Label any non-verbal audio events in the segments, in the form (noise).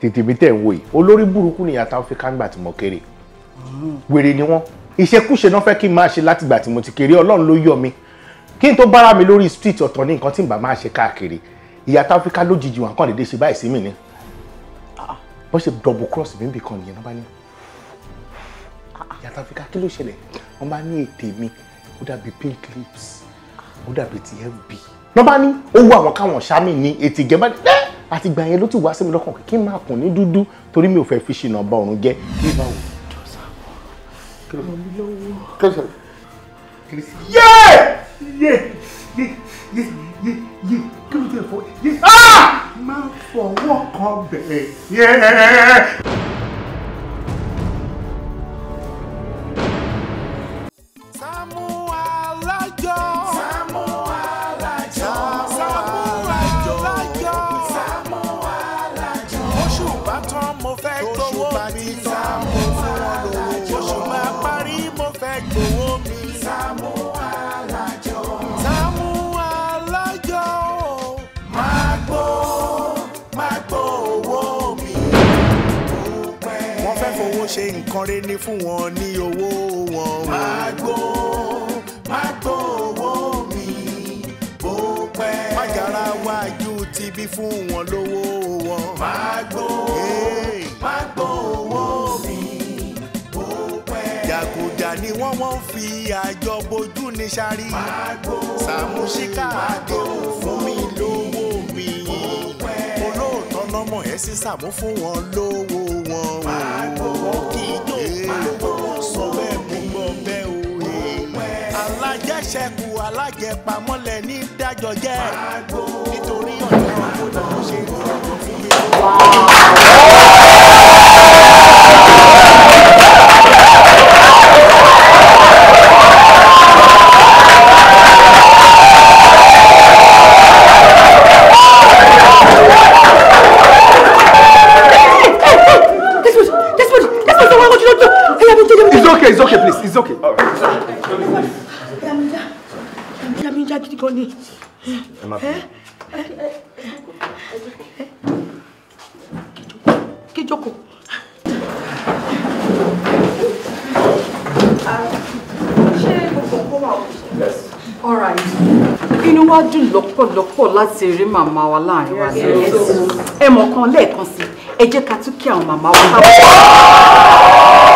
tètè mi tẹ̀ ń wò yìí olórí burúkú nìyá táwọn fi kángbà tí mo kéré wèrè ni wọ́n ìṣekúṣe náà fẹ́ kí n máa ṣe látìgbà tí mo ti kéré ọlọ́run ló yọ mi kí n tó bára mi lórí street ọ̀tọ̀ ní nǹkan tí n bá máa ṣe káàkiri ìyá táwọn fi ká lójijì wọn kàn déédéé ṣe báyìí sí mi ni wọ́n ṣe double cross mi nbìkan nìyẹn náà bá ní ìyá táwọn fi ká kí ló ṣẹlẹ̀ wọ́n bá ní ètè mi ó dàbí pink lips ó dàbí ti fb náà bá ní owó àwọn káwọn ṣámì ní ètè gẹ́gbẹ́ àti ìgbà yẹn ló ti wá sí mi lọ́kàn kí n máa kùn ní dúdú torí mi ò fẹ́ fi ṣìnà bá ọ̀run jẹ́. máa ah! fọwọ́ kan bẹ̀rẹ̀ ọmọre ní fún wọn ní owó wọn. Magbo magbo owó mi bó pẹ́. Májàra wájú ti bí fún wọn lówó wọn. Magbo magbo owó mi bó pẹ́. Jàgùjà ni wọ́n wọ́n fi àjọ bojú ní sáré. Magbo magbo owó mi bó pẹ́. Sàmúsíkà àdéhùn fún mi lówó mi. Olóòótọ́ lọ́mọ ẹ̀ sísàmú fún wọn lówó wọn o sọ bẹ́ẹ̀ mú gbọ́ bẹ́ẹ̀ o alájẹṣẹ́kù alájẹpamọ́lẹ̀ ní dájọ́ jẹ́ nítorí ọ̀nà ọ̀gbọ́dọ̀ ṣe é fún mi. okay it's okay please it's okay. Yamija Yamija gidi gan ni. Ẹ má fi. Eh, eh, eh, Kíjókòó. Ṣé All right. Inú wa dùn lọ́pọ̀lọpọ̀ láti rí màmá wa láàrin wa ní ẹ̀sìn. Ẹ mọ̀ kan lẹ́ẹ̀kan sí, ẹ jẹ́ ká tún kí àwọn màmá wa káàbọ̀.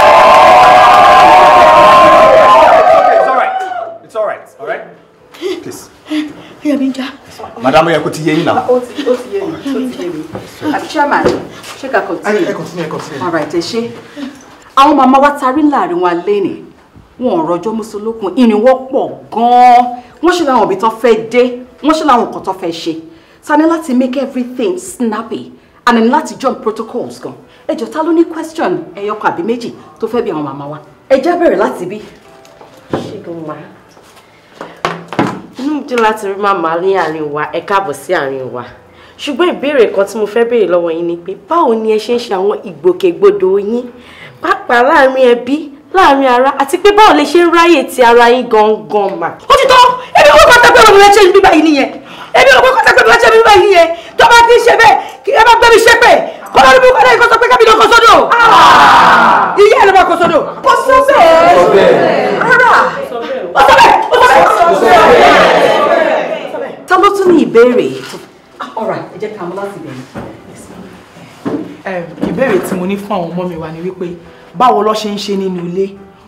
all right? Please. Yabinja. Madam, ẹ are ti yé yín now. Ó ti ó ti yé mi, ó ti yé mi. Àti chairman, ṣé ká continue? Ẹ continue, All right, Eshie. Our mama màmá wa tarí láàrin wa lénìí. Wọn ò rọjọ́ mùsùlùkùn, ìrìnwọ́ pọ̀ gan-an. Wọ́n ṣe làwọn òbí tán fẹ́ dé, wọ́n ṣe làwọn make everything snappy and ni láti jump protocols gan. Ẹ jọ̀ọ́ ta ló question ẹyọkọ àbí méjì tó fẹ́ bí àwọn màmá wa. Ẹ já bẹ̀rẹ̀ láti bí. Ṣé gan-an dùn láti rí màmá ní àárín wa ẹ káàbọ̀ sí àárín wa ṣùgbọ́n ìbéèrè kan tí mo fẹ́ béèrè lọ́wọ́ yín ni pé báwo ni ẹ ṣe ń ṣe àwọn ìgbòkègbodò yín pàápàá láàárín ẹbí láàárín ara àti pé báwo lè ṣe ń ráyè ti ara yín gangan mà. ó ti tọ́ ẹbí kò kọ́ta pé òun lè ṣe bíbá yìí nìyẹn ẹbí kò kọ́ta pé òun lè ṣe bíbá yìí nìyẹn tó bá ti ṣe bẹ́ẹ̀ kí ẹ bá gbẹ́mí ṣépè kọ́lá ní bukọ́ náà ìkọ́sọ́ pé kábí ló kọ́ sódò. iye ẹ̀ ló máa kọ́ sódò. kò sọ bẹ́ẹ̀. kò sọ bẹ́ẹ̀. rárá kò sọ bẹ́ẹ̀ kò sọ bẹ́ẹ̀. ta ló tún ní ìbéèrè. ọ̀rà ah, ẹ jẹ́ ká mú láti bẹ̀rẹ̀. ìbéèrè tí mo ní fún àwọn ọmọ mi wà ní wípé báwo ló ṣe ń ṣe nínú ilé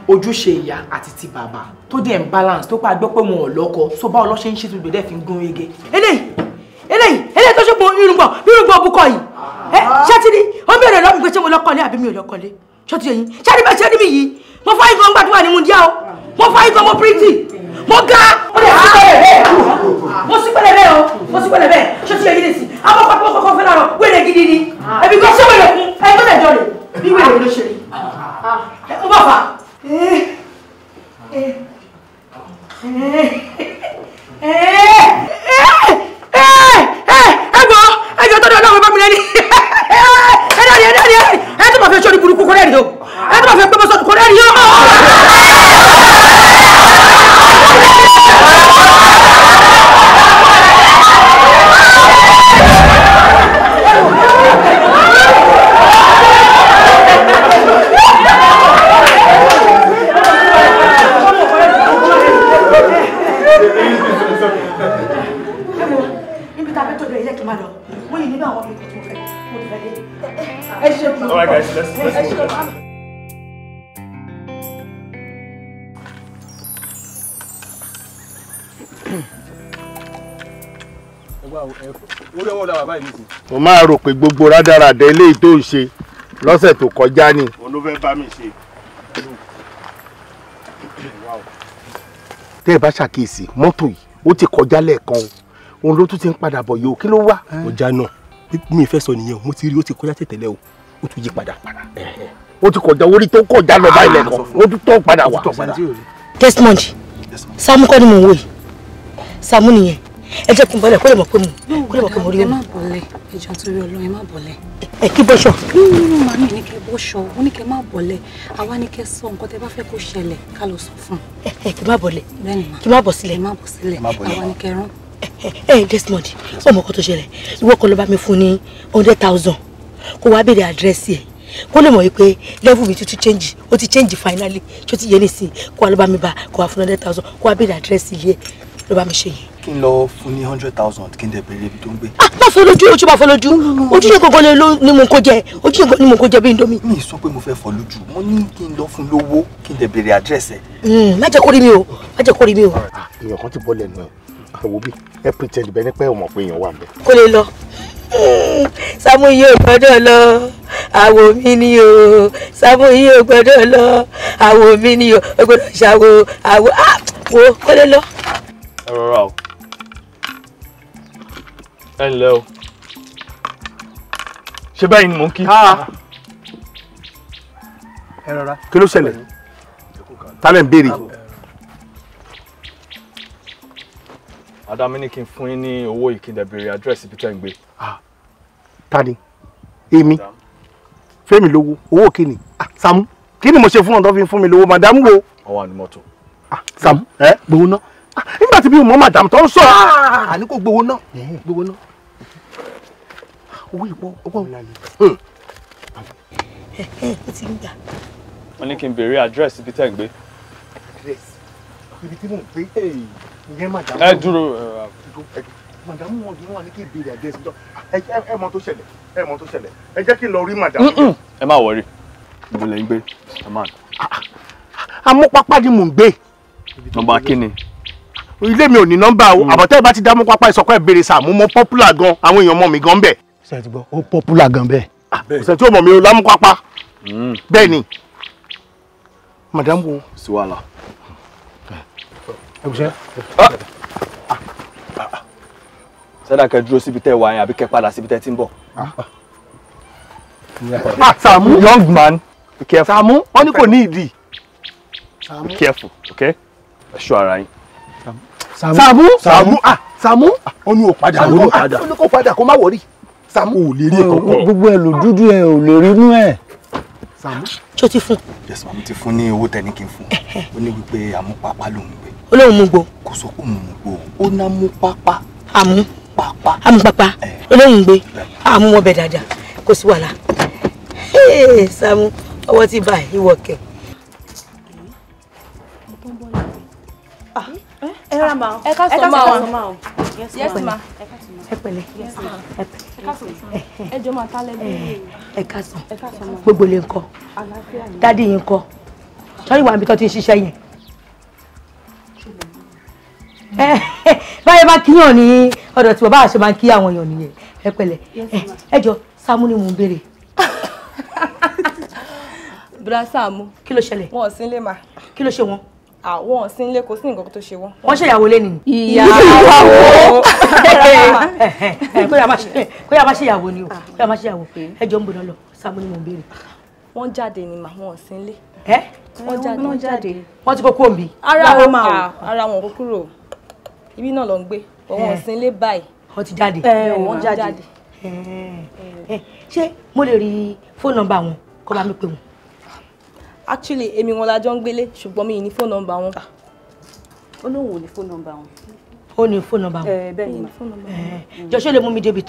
ojúṣe ìyá àti ti bàbá tó dẹ̀ ń balance tó pa gbọ́ pé wọn ò lọ́kọ so báwo ló ṣe ń ṣètò ìgbẹ́dẹ̀ fi ń gún régé. eléyìí eléyìí eléyìí tó ṣe pọ̀ irùngbọ̀n irùngbọ̀n bukọ yìí ẹ ṣẹ́tìrì ó ń bèrè lọ́mù pé ṣé mo lọ́kọ̀lé àbí mi ò lọ́kọ̀lé ṣọ́tì ẹ̀yìn ṣẹ́tìrì bẹ́ẹ̀ ṣẹ́tìrì mi yìí mo fọ́ ìgbọ̀n gbàdúrà ní mundial o mo fọ́ ìgbọ̀n mo pírìtì mo ga ó lè sí pẹ̀lẹ́ bẹ́ẹ̀ mo sí pẹ̀lẹ́ bẹ́ẹ̀ o mo sí pẹ̀lẹ́ bẹ́ẹ̀ ṣọ́tì ẹ̀yìn lè sí àwọn pápá kọ́kọ́ fẹ́ láàárọ̀ wẹ̀rẹ̀ gidi ni ẹ̀bí kan ṣé wẹ̀rẹ̀ kún ẹ̀ tó ọlọ́run bá mi lẹ́ni rẹ́rì rẹ́rì ẹ tó máa fẹ́ sórí burúkú kó rẹ́rì o ẹ tó máa fẹ́ gbẹ́bọ́ sọ́dún kó rẹ́rì o. All guys, let's let's move. Let's... mo máa rò pé gbogbo rádaràdà eléyìí tó ń ṣe lọ́sẹ̀ tó kọjá ni. òun ló fẹ́ bá mi ṣe. tẹ́ ẹ bá ṣàkíyèsí mọ́tò yìí ó ti kọjá lẹ́ẹ̀kan òun ló tún ti ń padà bọ̀ yìí ló wá. ọjà náà mi fẹ́ sọ nìyẹn o mo ti rí o ti kọjá tẹ̀tẹ̀lẹ̀ o o tún yí padà. o ti kọjá orí tó kọjá lọ báyìí lẹ́nu ah, o tún tọ́ padà wá. desmond Sàámú kọ́ ni mò ń wò yìí Sàámú nìyẹn ẹ jẹ́ kí n bọ́lẹ̀ kó lè mọ̀ pé mo kó lè mọ̀ pé mo rí omi. ìjọ torí ọlọ́run ẹ má bọ̀lẹ̀. ẹ kí bọ́ṣọ. nínú nínú màmí ní kẹ bọ́ṣọ ó kẹ má bọ̀lẹ̀ àwa ní kẹ sọ nǹkan tẹ bá fẹ́ kó ṣẹlẹ̀ ká lọ sọ fún un. ẹ kí má bọ̀lẹ̀ kí má bọ̀ sílẹ̀ àwa ní kẹ rán ẹ ẹ Desmond ọmọ kan tó ṣẹlẹ̀ ìwọ kan ló bá mi fún ní hundred thousand kó wá béèrè àdírẹ́sì ẹ̀ kó lè mọ̀ wípé level mi tuntun change ó ti change finally tí ó ti yé nísìnyí kó wá ló bá mi bá kó wá fún hundred thousand kó wá béèrè àdírẹ́sì ilé ẹ̀ ló bá mi ṣe yìí. kí n lọ fún ní hundred thousand kí n dẹ̀ béèrè ibi tó ń gbé. ah má fọ lójú ojú má fọ lójú ojú yẹn gangan ni mo kó jẹ ojú yẹn ni mo kó jẹ bí ndomi. mi sọ pé mo fẹ́ fọ lójú mo ní kí n lọ fún lówó kí n dẹ̀ béèrè àdírẹ́sì hmm, má jẹ́ kó rí mi o má jẹ́ kó rí mi o. èèyàn ah, kan ti bọ́ lẹ́nu ẹ̀ ẹ wo ẹ pretend bẹ́ẹ̀ ni pé ọmọ pé èèyàn wà ń bẹ. lè lọ Sàámú yìí ò gbọ́dọ̀ lọ àwò mi ni o Sàámú yìí ò gbọ́dọ̀ lọ àwò mi ni o ò gbọ́dọ̀ ṣàwò àwò àwò ah! kó lè lọ. ẹ rọra o ẹ ǹlẹ́ o ṣe báyìí ni mò ń kí. ẹ rọra kí ló ṣẹlẹ̀ ta ń béèrè. Adami ní kí n fún yín ní owó ìkíndẹ̀ béèrè àdírẹ́sì ibi tẹ́ ń gbé. Ta ni? Èmi? Fẹ́mi lówó, owó kíni? Sàmú, kí ni mo ṣe fún ọ tó fi fún mi lówó? Màdàmú wo? Ọwọ́ ni mọ́tò. Sàmú, ẹ gbowó ná. Nígbà tí bí mo màdàmú tó ń sọ, àní kò gbowó ná. Gbowó ná. Owó ìpọ́ ọgbọ́n mi lálẹ́. Ẹ ẹ ó ti ń gbà. Wọ́n ní kí n béèrè àdírẹ́sì ibi tẹ́ ń gbé. Àdírẹ́sì ibi tí mò ń gbé ìyẹn màdàmú. ẹ dúró màdàmú wọn dùn wọn ní kí n béèrè àdé ẹsìn ẹ mọ tó ṣẹlẹ̀ ẹ mọ tó ṣẹlẹ̀ ẹ jẹ́ kí n lọ rí màdàmú. ẹ má wọrí ìbílẹ̀ ń gbé ẹ má. amúpápá ni mò ń gbé. nọ́mbà kíni. ilé mi ò ní nọ́mbà o mm. àbọ̀tẹ́ ìbá ti dá amúpápá ìsọ̀kọ́ ẹ̀ béèrè sáà mo mọ popular gan àwọn èèyàn mọ̀ mí gan bẹ́ẹ̀. ṣe ti gbọ́ ó popular gan bẹ́ẹ̀. ṣe ah, tí ó mọ̀ mi o lámúpápá. Mm. bẹ́ẹ̀ ni màdàmú ẹ̀gúsẹ́. Ah. sẹ́dá kẹ́ dúró síbi tẹ́ wà yẹn àbí kẹ́ padà síbi tẹ́ ti ń bọ̀. Ah. Ah, Sàámú young man be careful. Sàámú wọ́n ní kò ní ìdí. be careful okay ẹ ṣọ́ ara yín. Sàámú Sàámú Sàámú ó ní o padà ó ní o padà ó ní kò padà kó má wọrí. Sàámú ò lè rí kankan. gbogbo ẹ lò dúdú ẹ ò lè rí inú ẹ. Sàámú. ṣé o ti fún. yes ma mo ti fún ní owó tẹ ní kí n fún ó ní wípé àmúpapá lòún gbé olóhùn mú gbó. kò sọ pé mo mú gbó ó ná mú pápá. àmú pápá. àmú pápá olóhùn gbé àmú wọn bẹ dáadáa kò sí wàhálà. Sàámú ọwọ́ ti bá ìwọ kẹ. ẹ ra ma ẹ ká sọ ma ọ yes ma ẹ pẹ̀lẹ́ ẹ pẹ̀lẹ́ ẹ jọ máa tálẹ bí ẹ ká sọ gbogbo lè ń kọ dádì yìí ń kọ wà níbi tó ti ń ṣiṣẹ́ yẹn (laughs) báyọ̀ bá kíyàn ní ọ̀dọ̀ tí bàbá àṣẹ máa ń kí àwọn èèyàn nìyẹn ẹ pẹ̀lẹ́ ẹ jọ Sàámú ni mò ń béèrè. (laughs) bùrà Sàámú kí ló ṣẹlẹ̀. wọn ò sí ilé mà. kí ló ṣe wọn. àwọn ò sí ilé kò sí nǹkan tó ṣe wọn. wọ́n ṣèyàwó lé nìyí. ìyàwó (laughs) kóyà má ṣèyàwó ni o ah. kóyà má ṣèyàwó ẹ jọ ń bọ̀ lọ Sàámú ni mò ń béèrè. wọ́n jáde ni mà wọn ò sí ilé. ẹ wọ́n jáde wọ́n ti kó kóòmì. ara wọn kúrò ibi náà ló ń gbé òun ò sí ilé báyìí. ó ti jáde wọ́n jáde ṣé mo lè rí fóònù nọ́mbà wọn kó bá mi pè wọ́n. actually èmi wọn la jọ ń gbélé ṣùgbọ́n mi ì ní fóònù nọ́mbà wọn. ó lóun ò ní fóònù nọ́mbà wọn. ó ní fóònù nọ́mbà wọn. bẹ́ẹ̀ ni fóònù nọ́mbà wọn. jọ ṣé o lè mú mi dé ibi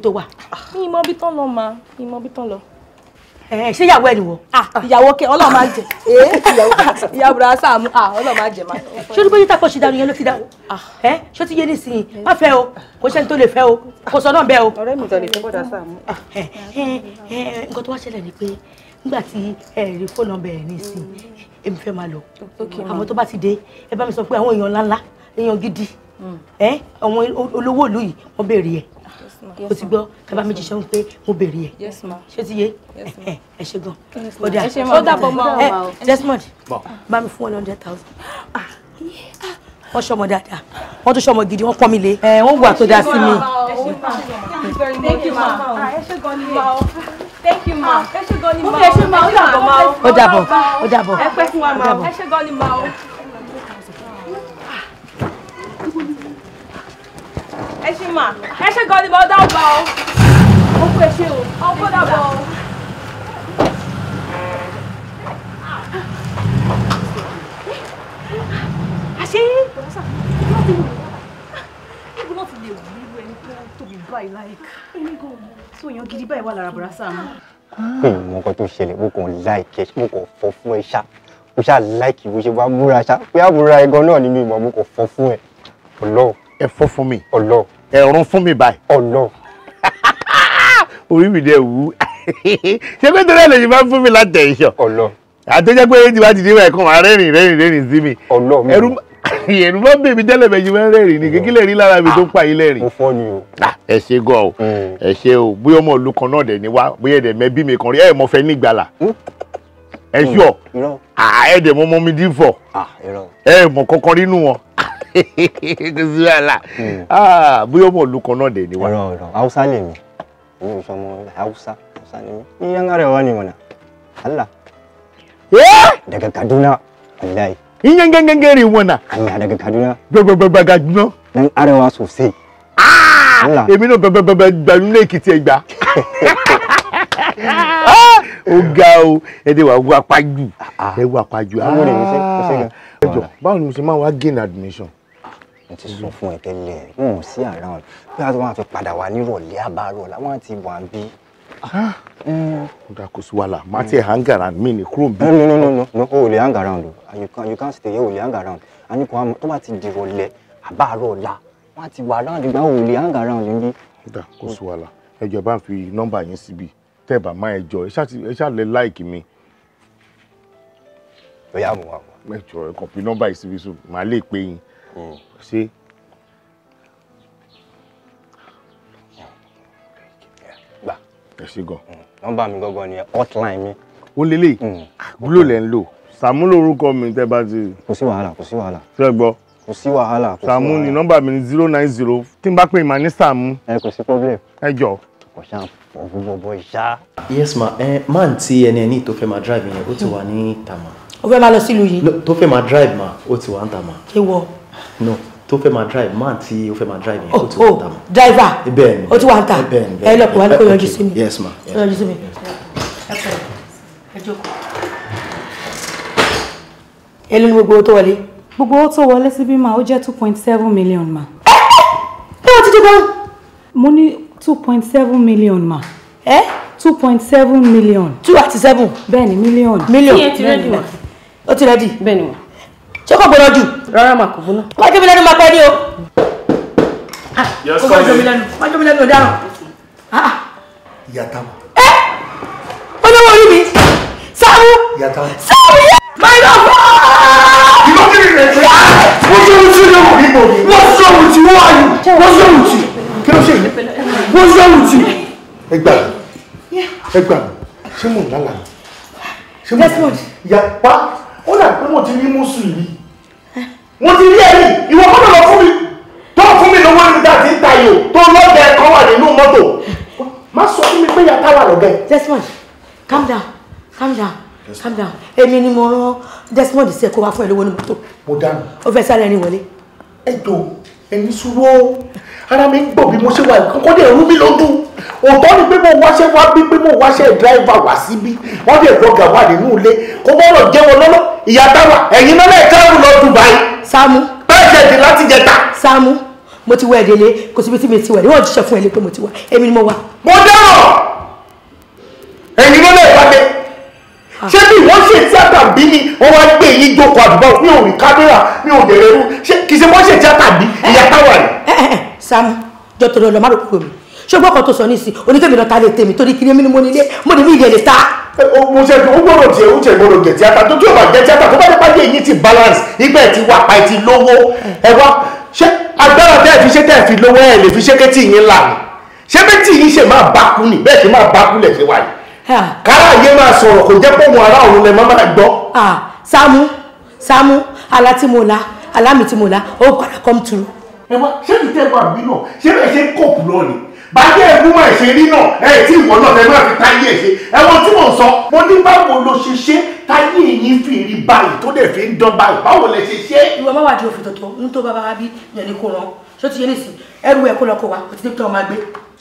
tó wà. mi ì mọ ibi tán lọ mà mi ì mọ ibi tán lọ. Eh, eh, ṣé ìyàwó ẹ nìwọ. Ah, ah. ìyàwó kẹ ọlọ́run máa jẹ (laughs) eh, ìyàwó bùrọ̀ sáàmù ah, ọlọ́run máa jẹ máa. ṣé olúbọ̀yì tàpọ̀ ṣe dànù yẹn ló fi dànù. ẹ ṣé ti yé nísìnyí má fẹ́ o kò sẹ́ni tó lè fẹ́ o kò sọ náà bẹ́ẹ̀ o. ọ̀rẹ́ mi tọ̀ lè fẹ́ bọ̀dà sáàmù. nǹkan tó wá ṣẹlẹ̀ ni pé nígbà tí ẹ rí fóònù ọbẹ̀ rẹ̀ nísìn èmi fẹ́ máa lọ àmọ́ tó bá ti dé ẹ bá mi sọ pé àwọn èèyàn ńláńlá èèyàn gidi hmm. àwọn olówó ìlú yìí wọ́n béèrè ẹ̀ o ti gbọ́ bàbá mi jíṣẹ́ ń pé mo bèrè ẹ̀ ṣé ti yé ẹ ṣe gan ọ̀dà ọ̀dà bọ̀mọ̀ ẹ Desmond bá mi fún one hundred thousand ah, wọ́n ṣọmọ dáadáa wọ́n tún ṣọmọ gidi wọ́n pọ́n mi lé ẹ wọ́n wà tó dáa sí mi. Ah, ó dàbọ̀ ó dàbọ̀ ó dàbọ̀. ẹ ṣe mà ẹ ṣe gan ni mo dábàá o ọkọ ẹ ṣe o ọkọ dábàá o. àṣé ẹgbẹ́ wọn ti lè wù nínú ẹni tó tóbi báyìí láìka ẹni gan ọmọ tó yan gidi báyìí wà lára bùrá sáà mi ò mọ nǹkan tó ṣẹlẹ̀ mo kàn láìkẹ́ mo kàn fọ́ fún ẹ ṣá mo ṣá láìkì bó ṣe bá múra ṣá pé àbúrò ẹ gan ni mi ìmọ̀ mo kàn fọ́ fún ẹ mi. ọlọ́ọ̀ ẹ̀rùn fún mi báyìí. ọ̀nà. (laughs) orí mi dẹ̀ wú (laughs) ṣé pé torí ẹ̀ máa ń fún mi láti ẹ̀ṣọ́. ọ̀nà. àtẹ́jẹ́ pé èyí ti wá dìde ìwà ẹ̀kọ́ rẹ́rìn rẹ́rìn rẹ́rìn sí mi. ọ̀nà mi. ẹ̀rù (laughs) ẹ̀rù máa ń bèbí tẹ́lẹ̀ bẹ́ẹ̀ máa ń rẹ́rìn ni kékeré rí lára mi tó ń pa ilé rìn. mo fọ́ ni o. Ah, ẹ ṣe gan o mm. ẹ ṣe o bóyá ọmọ ìlú kan náà dẹ̀ ni wá bóyá ẹ̀dẹ̀ mẹ́bí mi kan rí ẹ̀ mọ fẹ́ nígbàlà mm. ẹ ṣọ mm. ah, ẹ̀ dẹ̀ mi dín fọ̀ ah, ẹ̀ mọ kankan nínú wọn kò sí wàhálà hmm. ah, bóyá ọmọ ìlú kan náà dẹ̀ ni wá. ọ̀rọ̀ ọ̀rọ̀ haúsá lè mi mi ò sọmọ haúsá haúsá ni mi ní yàrá rẹ̀ wá ni mọ̀nà hàlà. daga kaduna wallahi. iyan gangan gari wana. hanya daga kaduna. gbagbagba kaduna. dan arewa sosai. èmi náà gbagbagba gbanú lẹ́kìtì ẹgbà. ó ga o ẹdẹ wà wọ apájú ẹ wọ ah, ah. apájú. báwo ni mo ṣe máa wá gain admission mo ti sọ fún ẹ tẹ́lẹ̀ wọn ò sí around bí a tó máa fi padà wá nírọ̀lẹ́ àbárọ̀ làwọn àti ìwà ń bí. kódà ah, eh. kò sí wàhálà má tiẹ̀ hang around mi ní kúrò bí. no no no no no o lè hang around o you can you can stay here o lè hang around àní kò àmọ́ tó bá ti dìrọ̀lẹ́ àbárọ̀ la wọn àti wà around ìgbà o lè hang around níbí. kódà kò sí wàhálà ẹjọ bá ń fi nọ́mbà yín síbi tẹ́ ẹ bá má ẹjọ ẹ ṣàlẹ láìkì mi. ó yà mú wa. mẹjọ ẹ kàn fi nọ́mbà yìí síbi sùn màá lè pè yín. Hmm. See? ẹ̀sìn gan. Mm. nọ́mbà mi gangan ni hotline mi. ó lélẹ̀ glo mm. lẹ̀ ń lò sàmú lórúkọ mi tẹ́ bá ti. kò sí wàhálà kò sí wàhálà. ṣé ẹ gbọ́. kò sí wàhálà kò sí wàhálà. ni nọ́mbà mi ni zero nine zero tí n bá pè mà ní sàmú. ẹ kò sí problem. ẹ jọ. kò ṣáà yes ma ẹ máa ń ti ẹni ẹni tó fẹ́ máa drive yẹn ó ti wà ní tàmà. ó fẹ́ máa lọ sílùú yìí. tó fẹ́ máa drive ma ó ti wà ní tàmà. ṣé no tó fẹ́ máa drive man tí ó fẹ́ máa drive yẹn oh, ó ti wà ń mọ́. driver bẹ́ẹ̀ni o ti wà ń ta ẹ lọ pọ̀ wá kó yọjú sí mi yes ma kó yọjú sí mi. èló ni gbogbo owó tó wọlé. gbogbo owó tó wọlé síbí máa ó jẹ́ two point seven million ma. ẹ wọ́n ti dé gan. mo ní two point seven million ma. ẹ two point seven million. two àti seven. bẹ́ẹ̀ni million. million bẹ́ẹ̀ni o ti rẹ́dì. o ti rẹ́dì. bẹ́ẹ̀ni o ṣé kò gbọ́dọ̀ jù. rárá mà kò gbóná. má jómi lẹ́nu máa pẹ́ ní o. ó fẹ́ jómi lẹ́nu má ah, jómi lẹ́nu ọ̀daràn. Ah, ah. ìyá táwọn. ẹ olówó orí mi sáwù sáwù yẹ máa lọ fún ọ. ìbọn kí ni rẹ̀ ṣe. wọ́n sọ ohun tí ó yẹ wò ní ìbò wọ́n sọ ohun tí wọ́n ayò wọ́n sọ ohun tí kí ló ṣe yìí wọ́n sọ ohun tí. ẹ gbà mí ẹ gbà mí ṣé mò ń lálàá ṣé mò ń lálàá yàtọ̀ ó dà pé mo ti rí mọ́sùn yìí mo ti rí ẹ̀rí ìwọ kọ́nà lọ fún mi tó fún mi lówó nígbà tí ń ta yòó tó lọ́dẹ ẹ̀kọ́ wà nínú mọ́tò má sọ fún mi pé yàtá wà lọ́dẹ. Desmond calm down calm down calm down èmi ni mo rán Desmond sí ẹ kó wá fún ẹ lówó ní mọ́tò. mo dáná. ó fẹ́ sáré ẹni wọlé. ẹ jọ̀ọ́ ẹni sùúrù ara mi ń gbọ̀ bí mo ṣe wà kọ́kọ́ dẹ̀ rú mi lọ́dún òótọ́ ni pé mo wáṣẹ́ wá bí pé mo wáṣẹ́ dráìvà wá síbí wọ́n dẹ̀ gbọ́ gàwá nínú ilé kó gbọ́dọ̀ jẹ́wọ́ lọ́lọ́ ìyá táwa ẹ̀yin náà lẹ́ẹ̀ káàrù lọ Dubai. Saamu. bẹ́ẹ̀ ṣe ti láti jẹta. Saamu mo ti wá ẹ̀ délé kò síbi tí mi ti wà níwọ̀n jíṣẹ́ fún ẹ lé pé mo ti wá èmi ni mo wà. mo dẹ́rọ̀ ẹ̀yin náà lẹ́ẹ̀ Ah. ṣé bí wọ́n ṣe tíátà bí ni wọ́n wá gbé yín jókòó àdúgbò mi ò rí kámẹ́rà mi ò dẹ̀rẹ̀ rú ṣé kì í ṣe wọ́n ṣe tíátà bí ìyá táwa rẹ̀. Sàámú jọ torí ọlọmọ àròkù mi ṣùgbọ́n kan tó sọ nísì oníkèmí lọ ta lè tèmi torí kiri mi ni mo nílé mo ní ìdí ẹ̀lẹ́ta. Eh, mo ṣe o gbọ́dọ̀ tiẹ̀ o ṣe gbọ́dọ̀ gẹ̀ tíátà tó tí o bá gẹ̀ tíátà tó bá dé pàdé yìí ti balance ibẹ̀ ti wà pa ti lówó ẹ wá ṣé agbára tẹ́ ẹ fi ṣe tẹ́ ẹ fi lówó ẹ lè fi ṣe kẹ́tì yín là ní ṣé bẹ́ẹ̀ tí yín ṣe máa bá kú ni bẹ́ẹ̀ ṣe máa bá kú lẹ̀ ṣe wáyé kára yé máa sọ̀rọ̀ kò jẹ́ pòun ara òun lẹ máa gbọ́. Sàámú Sàámú àlá tí mo lá àlá mi tí mo lá ó padà come true. ẹ wá ṣé kìí tẹ́ bá bí náà ṣé bẹ́ẹ̀ ṣe ń kóòpù lọ ni bàjẹ́ ẹ̀gbọ́n máa ṣe rí náà ẹ̀ tí ìwọ náà fẹ́ máa fi táyé ẹ̀ ṣe ẹ̀wọ̀n tí mò ń sọ mo ní báwo lo ṣe ṣe táyé yìí fi rí báyìí tó dẹ̀ fi ń dán báyìí báwo lẹ ṣe ṣe. ìwọ ẹrù ẹ kó lọ kó wa kò ti dé pé ọmọ agbé.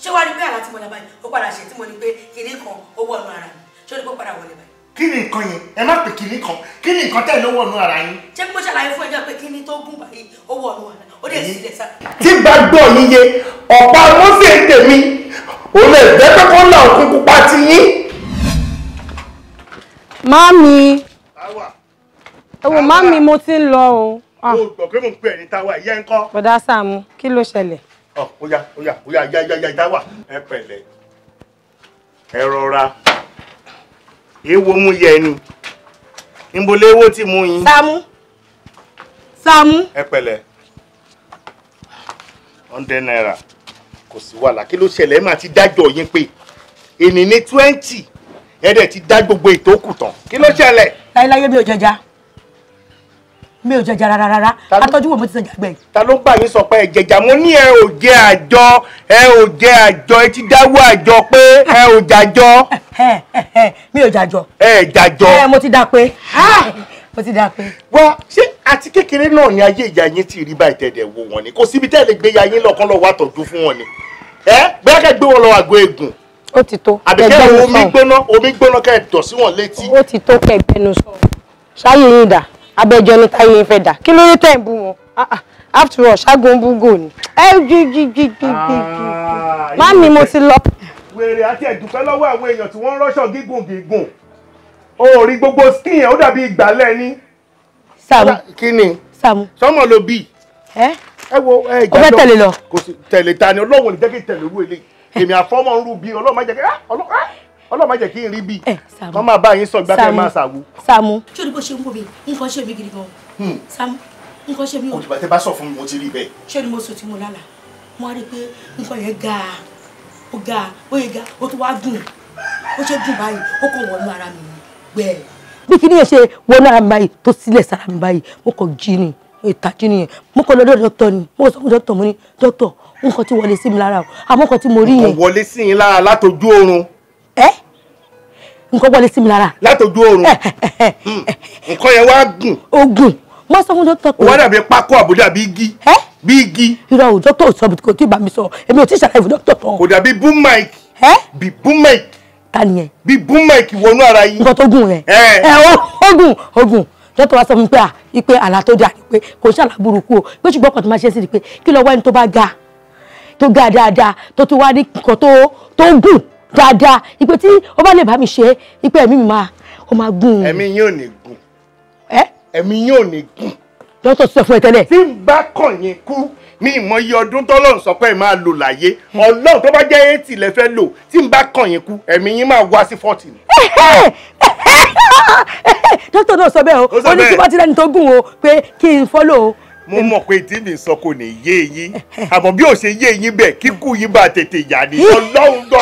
ṣé wàá rí pé àlá tí mo lábàá yìí ó padà ṣe tí mo ní pé kinní kan ó wọ ọ̀nà ara mi ṣé ó ní pé padà wọlé báyìí. kí ni nǹkan yẹn ẹ má pè kinní kan kí ni nǹkan tẹ́ ló wọ ọ̀nà ara yín. ṣé mo ṣàlàyé fún ẹjọ́ pé kinní tó gùn báyìí ó wọ ọ̀nà ara ó dẹ̀ sílẹ̀ sá. tí bá gbọ́ yíye ọ̀pá mọ́sẹ̀ tèmi ò lè jẹ́ pé kó là òkun ti yín. Mami. Ẹ wo mami mo ti ń lọ o. Ah. O gbọ́ pé mo ń pè ní táwa ìyá ń kọ́. Bọ̀dá Sàámú, kí ló ṣẹlẹ̀? ọ oya oya oya ya ya ya ya wà ẹ pẹ̀lẹ́ ẹ rọra èèwọ̀ mú yẹ ni nbọlẹ èèwọ̀ ti mú yín. Sàámú Sàámú. ẹ pẹ̀lẹ́ hundred naira kò sí wàhálà kí ló ṣẹlẹ̀ ẹ máa ti dájọ́ yín pé ènìní twenty ẹ̀ẹ́dẹ̀ ti dá gbogbo ètò òkú tán kí ló ṣẹlẹ̀. láyé láyé mi ò jẹjà mi ò jẹjà rárá rárá atọ́jú wo mo ti sàn jàgbẹ́. ta ló ń bá yín sọ pé ẹ̀jẹ̀jà mo ní ẹ ò jẹ àjọ ẹ ò jẹ àjọ ẹ ti dáwọ́ àjọ pé ẹ ò jàjọ. (laughs) Eh, eh, eh, mi ò jàjọ. ẹ jàjọ. ẹ mo ti da pé ó ah! (laughs) ti da pé. wá ṣé àti kékeré náà ni ayé ìyá yín ti rí báyìí tẹ̀dẹ̀ wo wọn ni kò síbi tẹ́lẹ̀ gbé ya yín lọ́kàn lọ́wọ́ àtọ̀jú fún wọn ni ẹ bóyá kẹ́ gbé wọn lọ àgọ́ eegun. ó ti tó kẹgbẹ́nu sọ àbíkẹ́ omi gbóná omi gbóná kẹ́ ẹ̀ ó ti tó kẹgbẹ́nu sọ ṣáyé yín dà abẹ́jọ́ ní táyé ń fẹ́ dà kí ló dé tẹ̀ ń bú wọn ah, ah, after all ṣáàgùn ń bú gò ní. mami mo ti lọ. wèrè àti ẹ̀dùnkẹ́ lọ́wọ́ àwọn èèyàn tí wọ́n ń rọ́ṣọ̀ gígùn gígùn orí gbogbo skin yẹn ó dàbí ìgbàlẹ̀ ni. Sam. kí ni sọmọ ló bí. ẹ wo ẹ ìjà lọ o fẹ́ tẹ̀lé lọ. kò sí tẹ̀lé ta ni ọlọ́run ò ní jẹ́ kí tẹ̀lé owó ilé eh. èmi àfọ́mọ́ ń rú bí ọlọ́run má jẹ́ kí ah, ọlọ́run ọlọ́run má jẹ́ kí n rí bí eh, wọ́n máa bá yín sọ ìgbà tẹ́ máa ṣàwò. Sàámú. ṣé o ní bó ṣe ń wò mí nǹkan ṣe mí gidi gan. Hmm. Sàámú nǹkan ṣe mí o. òdìbà tẹ bá sọ fún mi mo ti rí bẹ́ẹ̀. ṣé ni mo sọ tí mo lálà mo wá rí i pé nǹkan yẹn ga ó ga ó yẹ ga ó tún wá dùn ó ṣe dùn báyìí ó kàn wọnú ara mi gbẹ. bí kí ni yẹn ṣe wọnú ara mi báyìí tó sílẹ̀ sára mi báyìí mo kàn jí ni ìtají nìyẹn mo kàn lọ́dọ̀ dọ́tọ̀ ni mo sọ fún o àmọ́ nǹkan tí mo rí yẹn ẹ eh? nǹkan wọlé sí mi lára. látọjú oorun eh, eh, hmm. nǹkan yẹn wá gùn. o gùn mo sọ fún dókítà pé. wọ́n dàbí pákó àbúdà bí igi. ẹ bí igi. irọ́ o dókítà ò sọ kò tí ì bá mi sọ èmi ò tí ì ṣàlàyé fún dókítà tán. kò dàbí boom mic. ẹ bí boom mic. ta ni yẹn. bí boom mic wọnú ara yìí. nǹkan tó gùn rẹ. ẹ ẹ o ogun dókítà wa sọ fún mi pé à ah, ipe àlá tó dà ni pé kò ṣàlà burúkú o pé ṣùgbọ́n kan tó máa ṣe sí ni pé kí lọ wá ẹni tó bá ga tó ga dáadáa tó ti wá ní nǹkan tó gùn dáadáa ìpè tí ó bá lè bá mi ṣe ìpè ẹ̀mí mi máa ó máa gùn. ẹ̀mí yín ò ní gùn. ẹ ẹ̀mí yín ò ní gùn. dókítà sọ fún ẹ tẹ́lẹ̀. tí n bá kàn yín kú ní ìmọye ọdún tọ́lọ́run sọ pé ẹ máa lò láyé ọlọ́run tó bá jẹ́ eighty lẹ fẹ́ lò tí n bá kàn yín kú ẹ̀mí yín máa wá sí forty. (laughs) dókítà náà sọ bẹ́ẹ̀ o ó ní tí wọ́n ti rẹ́ni tó gùn o pé kí n fọ́lọ́ o mo mọ̀ pé tí mi sọ kò ní yé yín àmọ́ bí ò ṣe yé yín bẹ́ẹ̀ kíkú yín bá tètè yà ní (laughs) ọlọ́run gan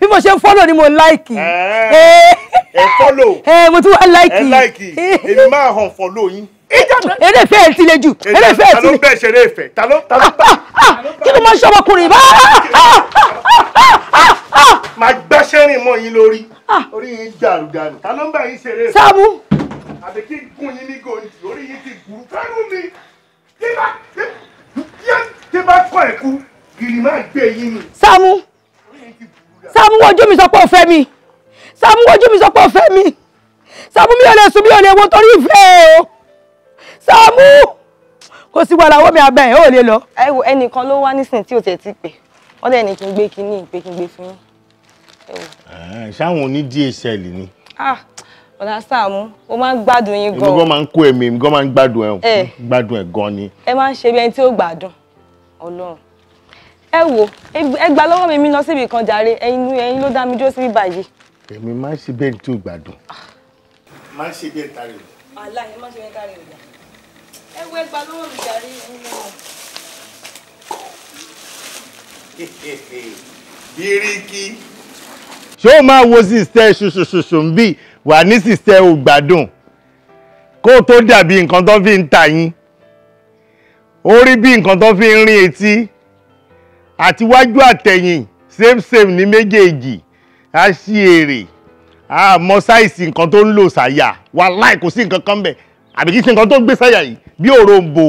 bí mo ṣe ń fọ́lò ni mo láìkì. ẹ fọ́lò ẹ mo tún wá láìkì. ẹ láìkì èmi máa hàn fọ́lò yín. eré ìfẹ́ ẹ̀ ti le jù eré ìfẹ́ ẹ̀ ti le. ta ló ń bẹ̀ ṣeré ìfẹ́ ta ló ta ló bá. Ah, ah, ah, kí ló máa ń ṣọmọkùnrin bá. máa gbẹ́sẹ̀rìn mọ́ yín lórí orí yín jàrúgàrú ta ló ń bá yín ṣeré ìfẹ́. sáàmù. àbí kí gún yín ní gòǹdì orí yín ti gùn fẹ́rù mi tí bá kọ́ ẹ̀kú kìrì máa gbé yín ni. sáàmù. Sàámú ojú mi sọ pé o fẹ́ mi Sàámú ojú mi sọ pé o fẹ́ mi Sàámú mi ò lè sùn mi ò lè wo torí ìfẹ́ o Sàámú kò sí wàhálà owó mi abẹ́ ẹ̀ ò lè lọ. ẹ wo ẹnìkan ló wá nísìnyí tí o tẹ̀ ti pè wọ́n dẹ̀ ní kí n gbé kí ní ìpè kí n gbé fún yín. ṣáwọn oní DSL ni. Ah, ọ̀la Sàámú o máa ń gbádùn yín gan. èmi gan máa ń kó ẹ̀mí èmi gan máa ń gbádùn ẹ̀ eh. gbádùn ẹ̀ gan ni. ẹ máa ń ṣe bí ẹni tí ó gbádùn Ọlọ́run ẹ wo ẹ gbà lọ́wọ́ mi mi lọ síbi kan jàre ẹ̀yin ẹ̀yin ló dá mi dúró síbi báyìí. èmi máa ń ṣe bẹ́ẹ̀ ní tí ò gbádùn. máa ń ṣe bẹ́ẹ̀ tari o. àlá ẹ má ṣe bẹ́ẹ̀ tari o gbà ẹ wo ẹ gbà lọ́wọ́ mi jàre ẹ̀yin lọ. (laughs) bíríkì. ṣé o máa wo sísẹ ṣoṣoṣoṣo ń bì wà ní sísẹ ò gbádùn kó o tó dàbí nǹkan tó fi ń ta yín ó rí bí nǹkan tó fi ń rin etí àtiwájú àtẹ̀yìn same same ní méjèèjì á sí èrè á mọ sáìsì nǹkan tó ń lò sáyà wàláì kò sí nǹkan kan bẹ̀ àbí kí n ṣe nǹkan tó ń gbé sáyà yìí bí òrombó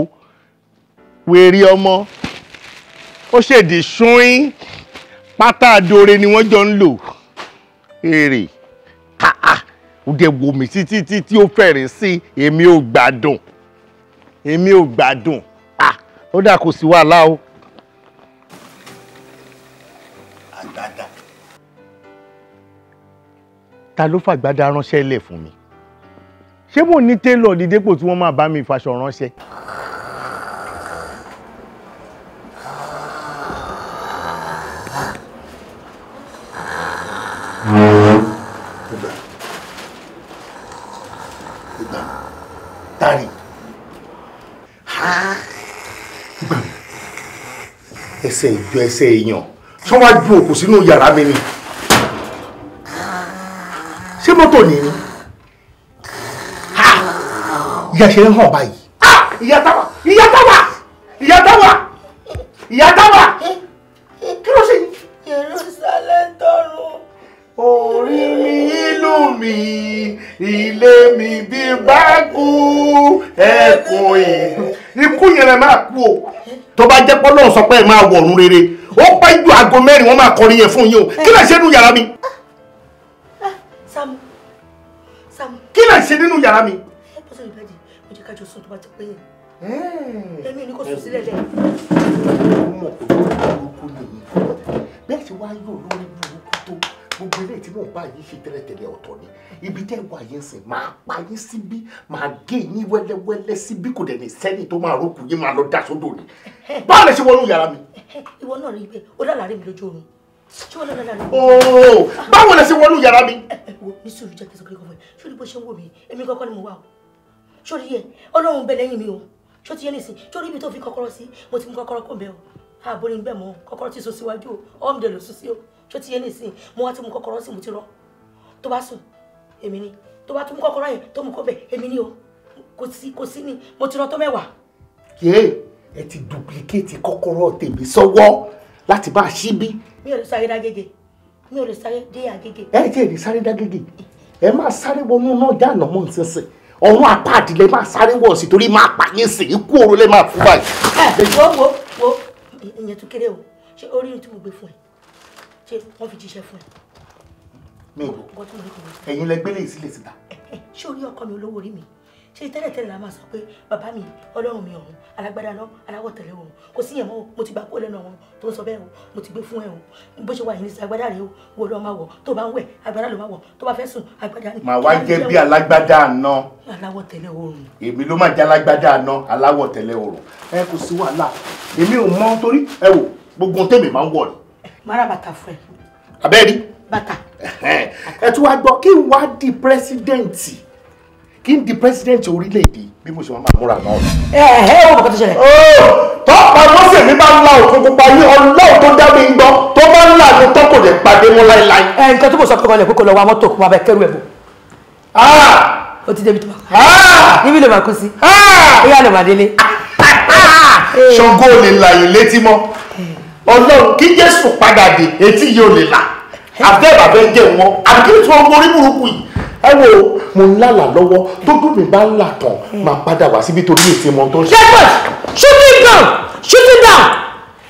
wèrè ọmọ ó ṣèdí ṣúín pátá àdóore ni wọ́n jọ ń lò èrè káà ó dẹ̀ wò mí títí títí ó fẹ̀rẹ̀ sí èmi ò gbádùn èmi ò gbádùn ó dà kò sí wàhálà o. ta ló fàgbádá ránṣẹ́ lẹ̀ fún mi ṣé mo ní télọ̀ ní dépò tí wọ́n máa bá mi faṣọ ránṣẹ́. ẹsẹ̀ ìjọ ẹsẹ̀ èèyàn ṣé wọ́n wá ju òkú sínú yàrá mi ni mọ́tò ni ni ìyá ṣe ń hàn báyìí. ìyá táwa ìyá táwa ìyá táwa ìyá táwa kí ló ṣe yìí. Jerúsálẹ̀ tọrùn. orí mi ìlú mi ilé mi bí bá ẹkùn yìí. ikú yẹn lè máa kú o tó bá jẹ́ pé Ọlọ́run sọ pé ẹ rere ó pẹ́ ju aago mẹ́rin wọ́n máa kọrin yẹn fún yín o kí lè ṣe nù yàrá mi. kí lè ṣe nínú yàrá mi. ẹ pọ́sẹ̀ lè bẹ́ẹ̀dì mo jẹ́ kájọ sùn tó bá ti pé yẹn. èmi ò ní kó sùn sílẹ̀ lẹ̀. mo mọ̀ pé burúkú lè yí bẹ́ẹ̀ ti wá yóò lórí burúkú tó gbogbo eléyìí tí mò ń bá yín ṣe tẹ́lẹ̀tẹ́lẹ̀ ọ̀tọ̀ ni ibi tẹ́ wà yín sìn máa pa yín síbí máa gé yín wẹ́lẹ́wẹ́lẹ́ síbí kò dẹ̀ ní sẹ́ni tó máa rókù yín máa lọ dá sódò ni (laughs) báwo lè ṣe wọnú yàrá mi. ìwọ náà rí i pé ó dàlàrí mi lójú oorun ooo báwo lẹ ṣe wọnú yàrá mi. Eh, eh, wo ní sùúrù jẹ́ kẹsàn-án kọ́kọ́ fún ẹ ṣó ní bó ṣe ń wò mí èmi kọ́kọ́ ni mo wà o ṣó rí ẹ ọlọ́run bẹ lẹ́yìn mi o ṣó ti yẹ nìsín ṣó rí ibi tó fi kọ́kọ́rọ́ sí mo ti mú kọ́kọ́rọ́ kò bẹ́ o àbórí ń bẹ̀ mọ́ kọ́kọ́rọ́ ti so síwájú o ọ̀hún dẹ̀ ló so sí o ṣó ti yẹ nìsín mo wá ti mú kọ́kọ́rọ́ sí mo ti rọ tó bá sùn èmi ni tó bá tún mú kọ́kọ́rọ́ yẹn tó mú kọ́ èmi ni o kò sí kò sí ni mo ti rọ tó mẹ́wàá. yéé ẹ ti duplicate kọ́kọ́rọ́ tèmi sọ́wọ́ láti bá a ṣí bí. mi ò lè sáré dágége mi ò lè sáré dé àgége. ẹ jẹ́ èrè sáré dágége ẹ máa sáré wọnú náà dáná mọ́ nísinsìn ọ̀run apáàdì lẹ máa sáré wọ̀ sí torí máa pa yín sí ikú oró lẹ máa fún báyìí. ẹ wo wo wo ìyẹn tún kéré o ṣé orí ni tí mo gbé fún ẹ ṣé wọn fi jíṣẹ́ fún ẹ. mi ò rò ẹ̀yin lẹ gbélé ìsílẹ̀ síta. ṣé orí ọkọ mi olówó orí mi ṣe tẹ́lẹ̀tẹ́lẹ̀ la máa sọ pé bàbá mi ọlọ́run mi ọ̀run alágbádá lọ aláwọ̀ tẹ̀lé ọ̀run kò sí ìyẹ̀mọ́ mo ti gbà kó lẹ́nu ọ̀run tó ń sọ bẹ́ẹ̀ o mo ti gbé fún ẹ o bó ṣe wà yìí nísìnyí agbádá rèé o wo lọ́ọ́ máa wọ̀ tó bá ń wẹ̀ agbádá ló máa wọ̀ tó bá fẹ́ sùn agbádá ni. màá wá jẹ́ bí alágbádá àná. aláwọ̀ tẹ̀lé ọ̀run. èmi ló máa jẹ́ alágbádá àná aláwọ̀ tẹ̀lé ọ̀run ẹ kò sí wàhálà kí n di president orílẹ̀-èdè bí mo ṣe máa múra náà. ẹ ẹ ò bọ̀ kó tó ṣẹlẹ̀. tọ́pọ̀ lọ́sẹ̀ mi máa ń la òkun pupa yín ọlọ́run tó dá mi gbọ́ tó bá ń lànà tó kò lè pàdé mọ́ láéláé. ẹ nǹkan tí mo sọ pé kọ́lẹ̀ kókò lọ wa mọ́tò wa bẹ kẹ́rù ẹ̀ bò. o ti débi tó bá. níbi lè máa kú sí. ìyá lè máa délé. ṣògo lè là yín létí mọ́ ọlọ́run kí jésù padà dé etí yóò lè là àbẹ́bàbẹ́ jẹ́ wọn àbíkí tí wọ́n mọ orí burúkú yìí ẹ wo mo ń lálà lọ́wọ́ tó dùn mí bá ń là tán máa hmm. padà wá síbi torí mi ti tó ń ṣe. shepherd shoot him down shoot him down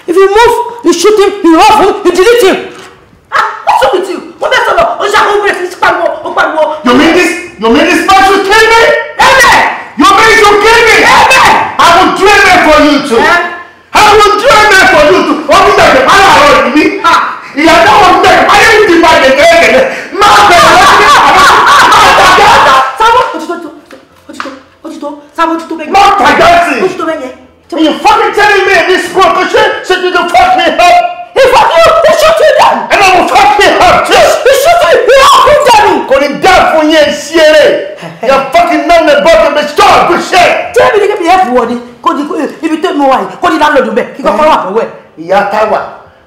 if he move you shoot him you off him you delete him. ah what's up with you mo bẹ sọ̀rọ̀ o ṣe àwọn obìnrin ti pariwo o pariwo. you mean this you mean this man should kill me. ẹbẹ. you mean to kill me. ẹbẹ. i will do it for you too. Eh? i will do it for you too. o ní bẹ̀rẹ̀ bá yàrá rẹ̀ mi. ìyàtọ̀ wọn bẹ̀rẹ̀ bá yẹn ti bá yẹn kẹ́kẹ́ máa bẹ̀rẹ̀ wá ọ̀gá sábọ̀ òtítọ́ òtítọ́ òtítọ́ sábọ̀ òtítọ́ bẹ́ẹ̀. not pregnancy. òtítọ́ bẹ́ẹ̀ yẹn. you fucking telling me this girl go she she dey go fuck me up. he fuck you he shoot you down. and i go fuck me up too. he shoot you he help you down. kò ní dá fún yẹn sí eré. your fucking man dey bọ́ to be strong good shit. tí ebi nígbà mi ẹ̀ fún wọn ni kò ní ibi tó mú wa yìí kò ní láńlọ́ọ̀dù bẹ́ẹ̀ kíkọ́ fọlọ́ àfọwẹ́. ìyá táwa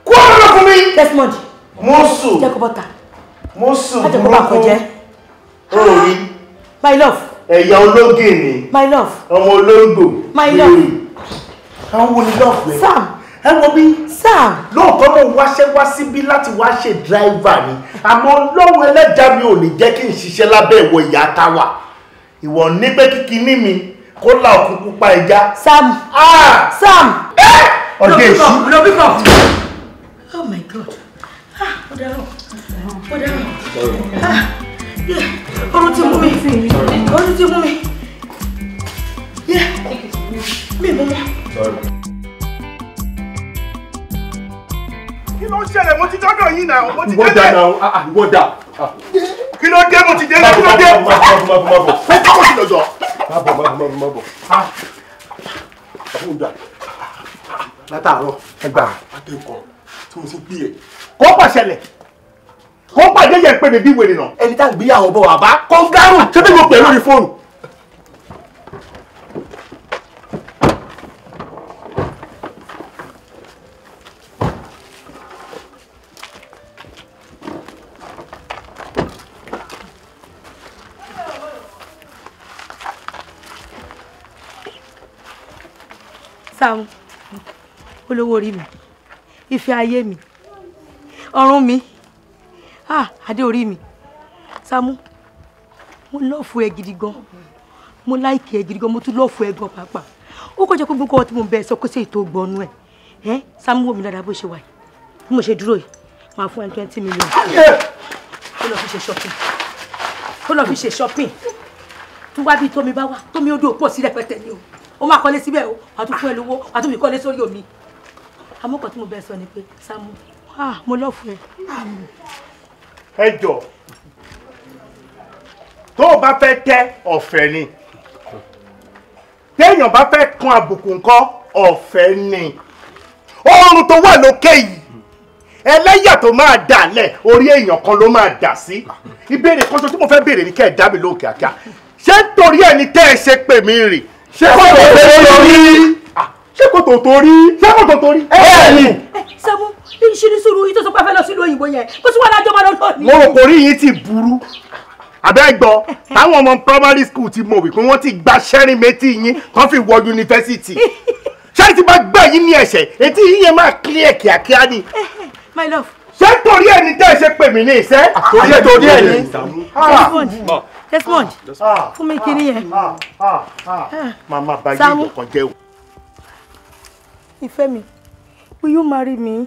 kó ọ̀rọ̀ fún mi. testimony. mọ́sù. jẹ́ kó bọ́ta. mọ́sù mọ́kú. má jẹ́ kó bá kọjẹ́ orí. my love. ẹ̀yà ológè ni. my love. ọmọ olóńgbò. my love. àwọn wo ni love rẹ. sam. ẹ bí. sam. lóòótọ́ mo wáṣẹ́ wá síbí láti wá ṣe dráìvà ni àmọ́ ọlọ́run ẹlẹ́dàá mi ò ní jẹ́ kí n ṣiṣẹ́ lábẹ́ ìwọ ìyá táwa ìwọ ní pé kíkiní mi kó la òkú pupa ẹja. sam. ah sam. ọdẹ èṣù. lọ bí kò fún mi. oh my god. ah ó dáhùn ó dáhùn. Ọrùn ti mú mi. Ọrùn ti mú mi. Mi mú mi. Kí ló ń ṣẹlẹ̀? Mo ti dọ́dọ̀ yín náà. Mo ti délẹ̀. Ah, ah, ìwọ dà náà. Kí ló dé? Mo ti délẹ̀. Kí ló dé? Má bọ̀ má bọ̀. Fẹ́ tí mo ti lọ́jọ́. Má bọ̀ má bọ̀ má bọ̀. Ah. Àbúrò dà. Látàárọ̀. Ẹgbàá. Àtẹ̀kọ̀ tí mo ti bí ẹ̀. Kó pàṣẹlẹ̀ wọ́n pàdé yẹn pé bèbí wèrè náà. ẹni tá à ń gbéyàwó bọ̀ wá bá. kọ́ńgárù ṣé bí mo pè lórí fóònù. sáwọn olówó orí mi ìfẹ́ ayé mi ọ̀run mi ah adé orí mi Sàámú mo lọ́ọ̀fù ẹ gidi gan mo láìkì ẹ gidi gan mo tún lọ́ọ̀fù ẹ gan pàápàá ó kọjá pé gbogbo ọtí mo bẹ ẹ sọ kó sì ètò gbọnú ẹ ẹ Sàámú wò mí dáadáa bó ṣe wà yìí bí mo ṣe dúró yìí máa fún ẹ twenty million ó lọ fi ṣe shopping ó lọ fi ṣe shopping tún wá bí tómi bá wá tómi odò pọ̀ sí rẹpẹtẹ ni o ó máa kọ́lé síbẹ̀ o wàá tún fún ẹ lówó wàá tún fi kọ́lé sórí omi amọ́kọ̀ tí mo bẹ sọ ni pé Samu, ah mo lọ́ọ̀fù ẹ ẹ jọ tó o bá fẹ́ tẹ́ ọ̀fẹ́ ni téèyàn bá fẹ́ kan àbùkù nǹkan ọ̀fẹ́ ni oorun tó wà lókè yìí ẹlẹ́yà tó máa dà lẹ̀ orí èèyàn kan ló máa dà sí ìbéèrè kan tó tí mo fẹ́ béèrè ní kẹ́ ẹ̀ dá mi lóhùn kíákíá ṣé nítorí ẹ̀ ní tẹ́ ẹ ṣe pè mí rì ṣé kò tó tó rí ah, ṣé kò tó tó rí ṣé kò tó tó ẹ ẹ ní. ṣẹ́gun ìṣirí sùúrù yìí tó sọ pé fẹ́ lọ sílùú òyìnbó yẹn kó sì wà lájọ́ máa lọ lọ mo rò kò rí yín ti burú àbẹ́ táwọn ọmọ primary school ti mọ̀ wípé wọ́n ti gba sẹ́rìn méjì yín kan fi wọ yunifásitì sẹ́rìn (laughs) ti bá gbẹ̀ yín ní ẹ̀ṣẹ̀ etí yín yẹn máa clear kíákíá ni. Eh, eh, my love. ṣé torí ẹ̀ ní tẹ́ ṣe pè mí ní iṣẹ́. àtòrí ah, ẹ̀ torí ẹ̀ ní. Desmond ah. ah, fún mi kiri yẹn. màmá bá yín ìdọ̀kan jẹ́ o. ìfẹ́ mi will you marry me?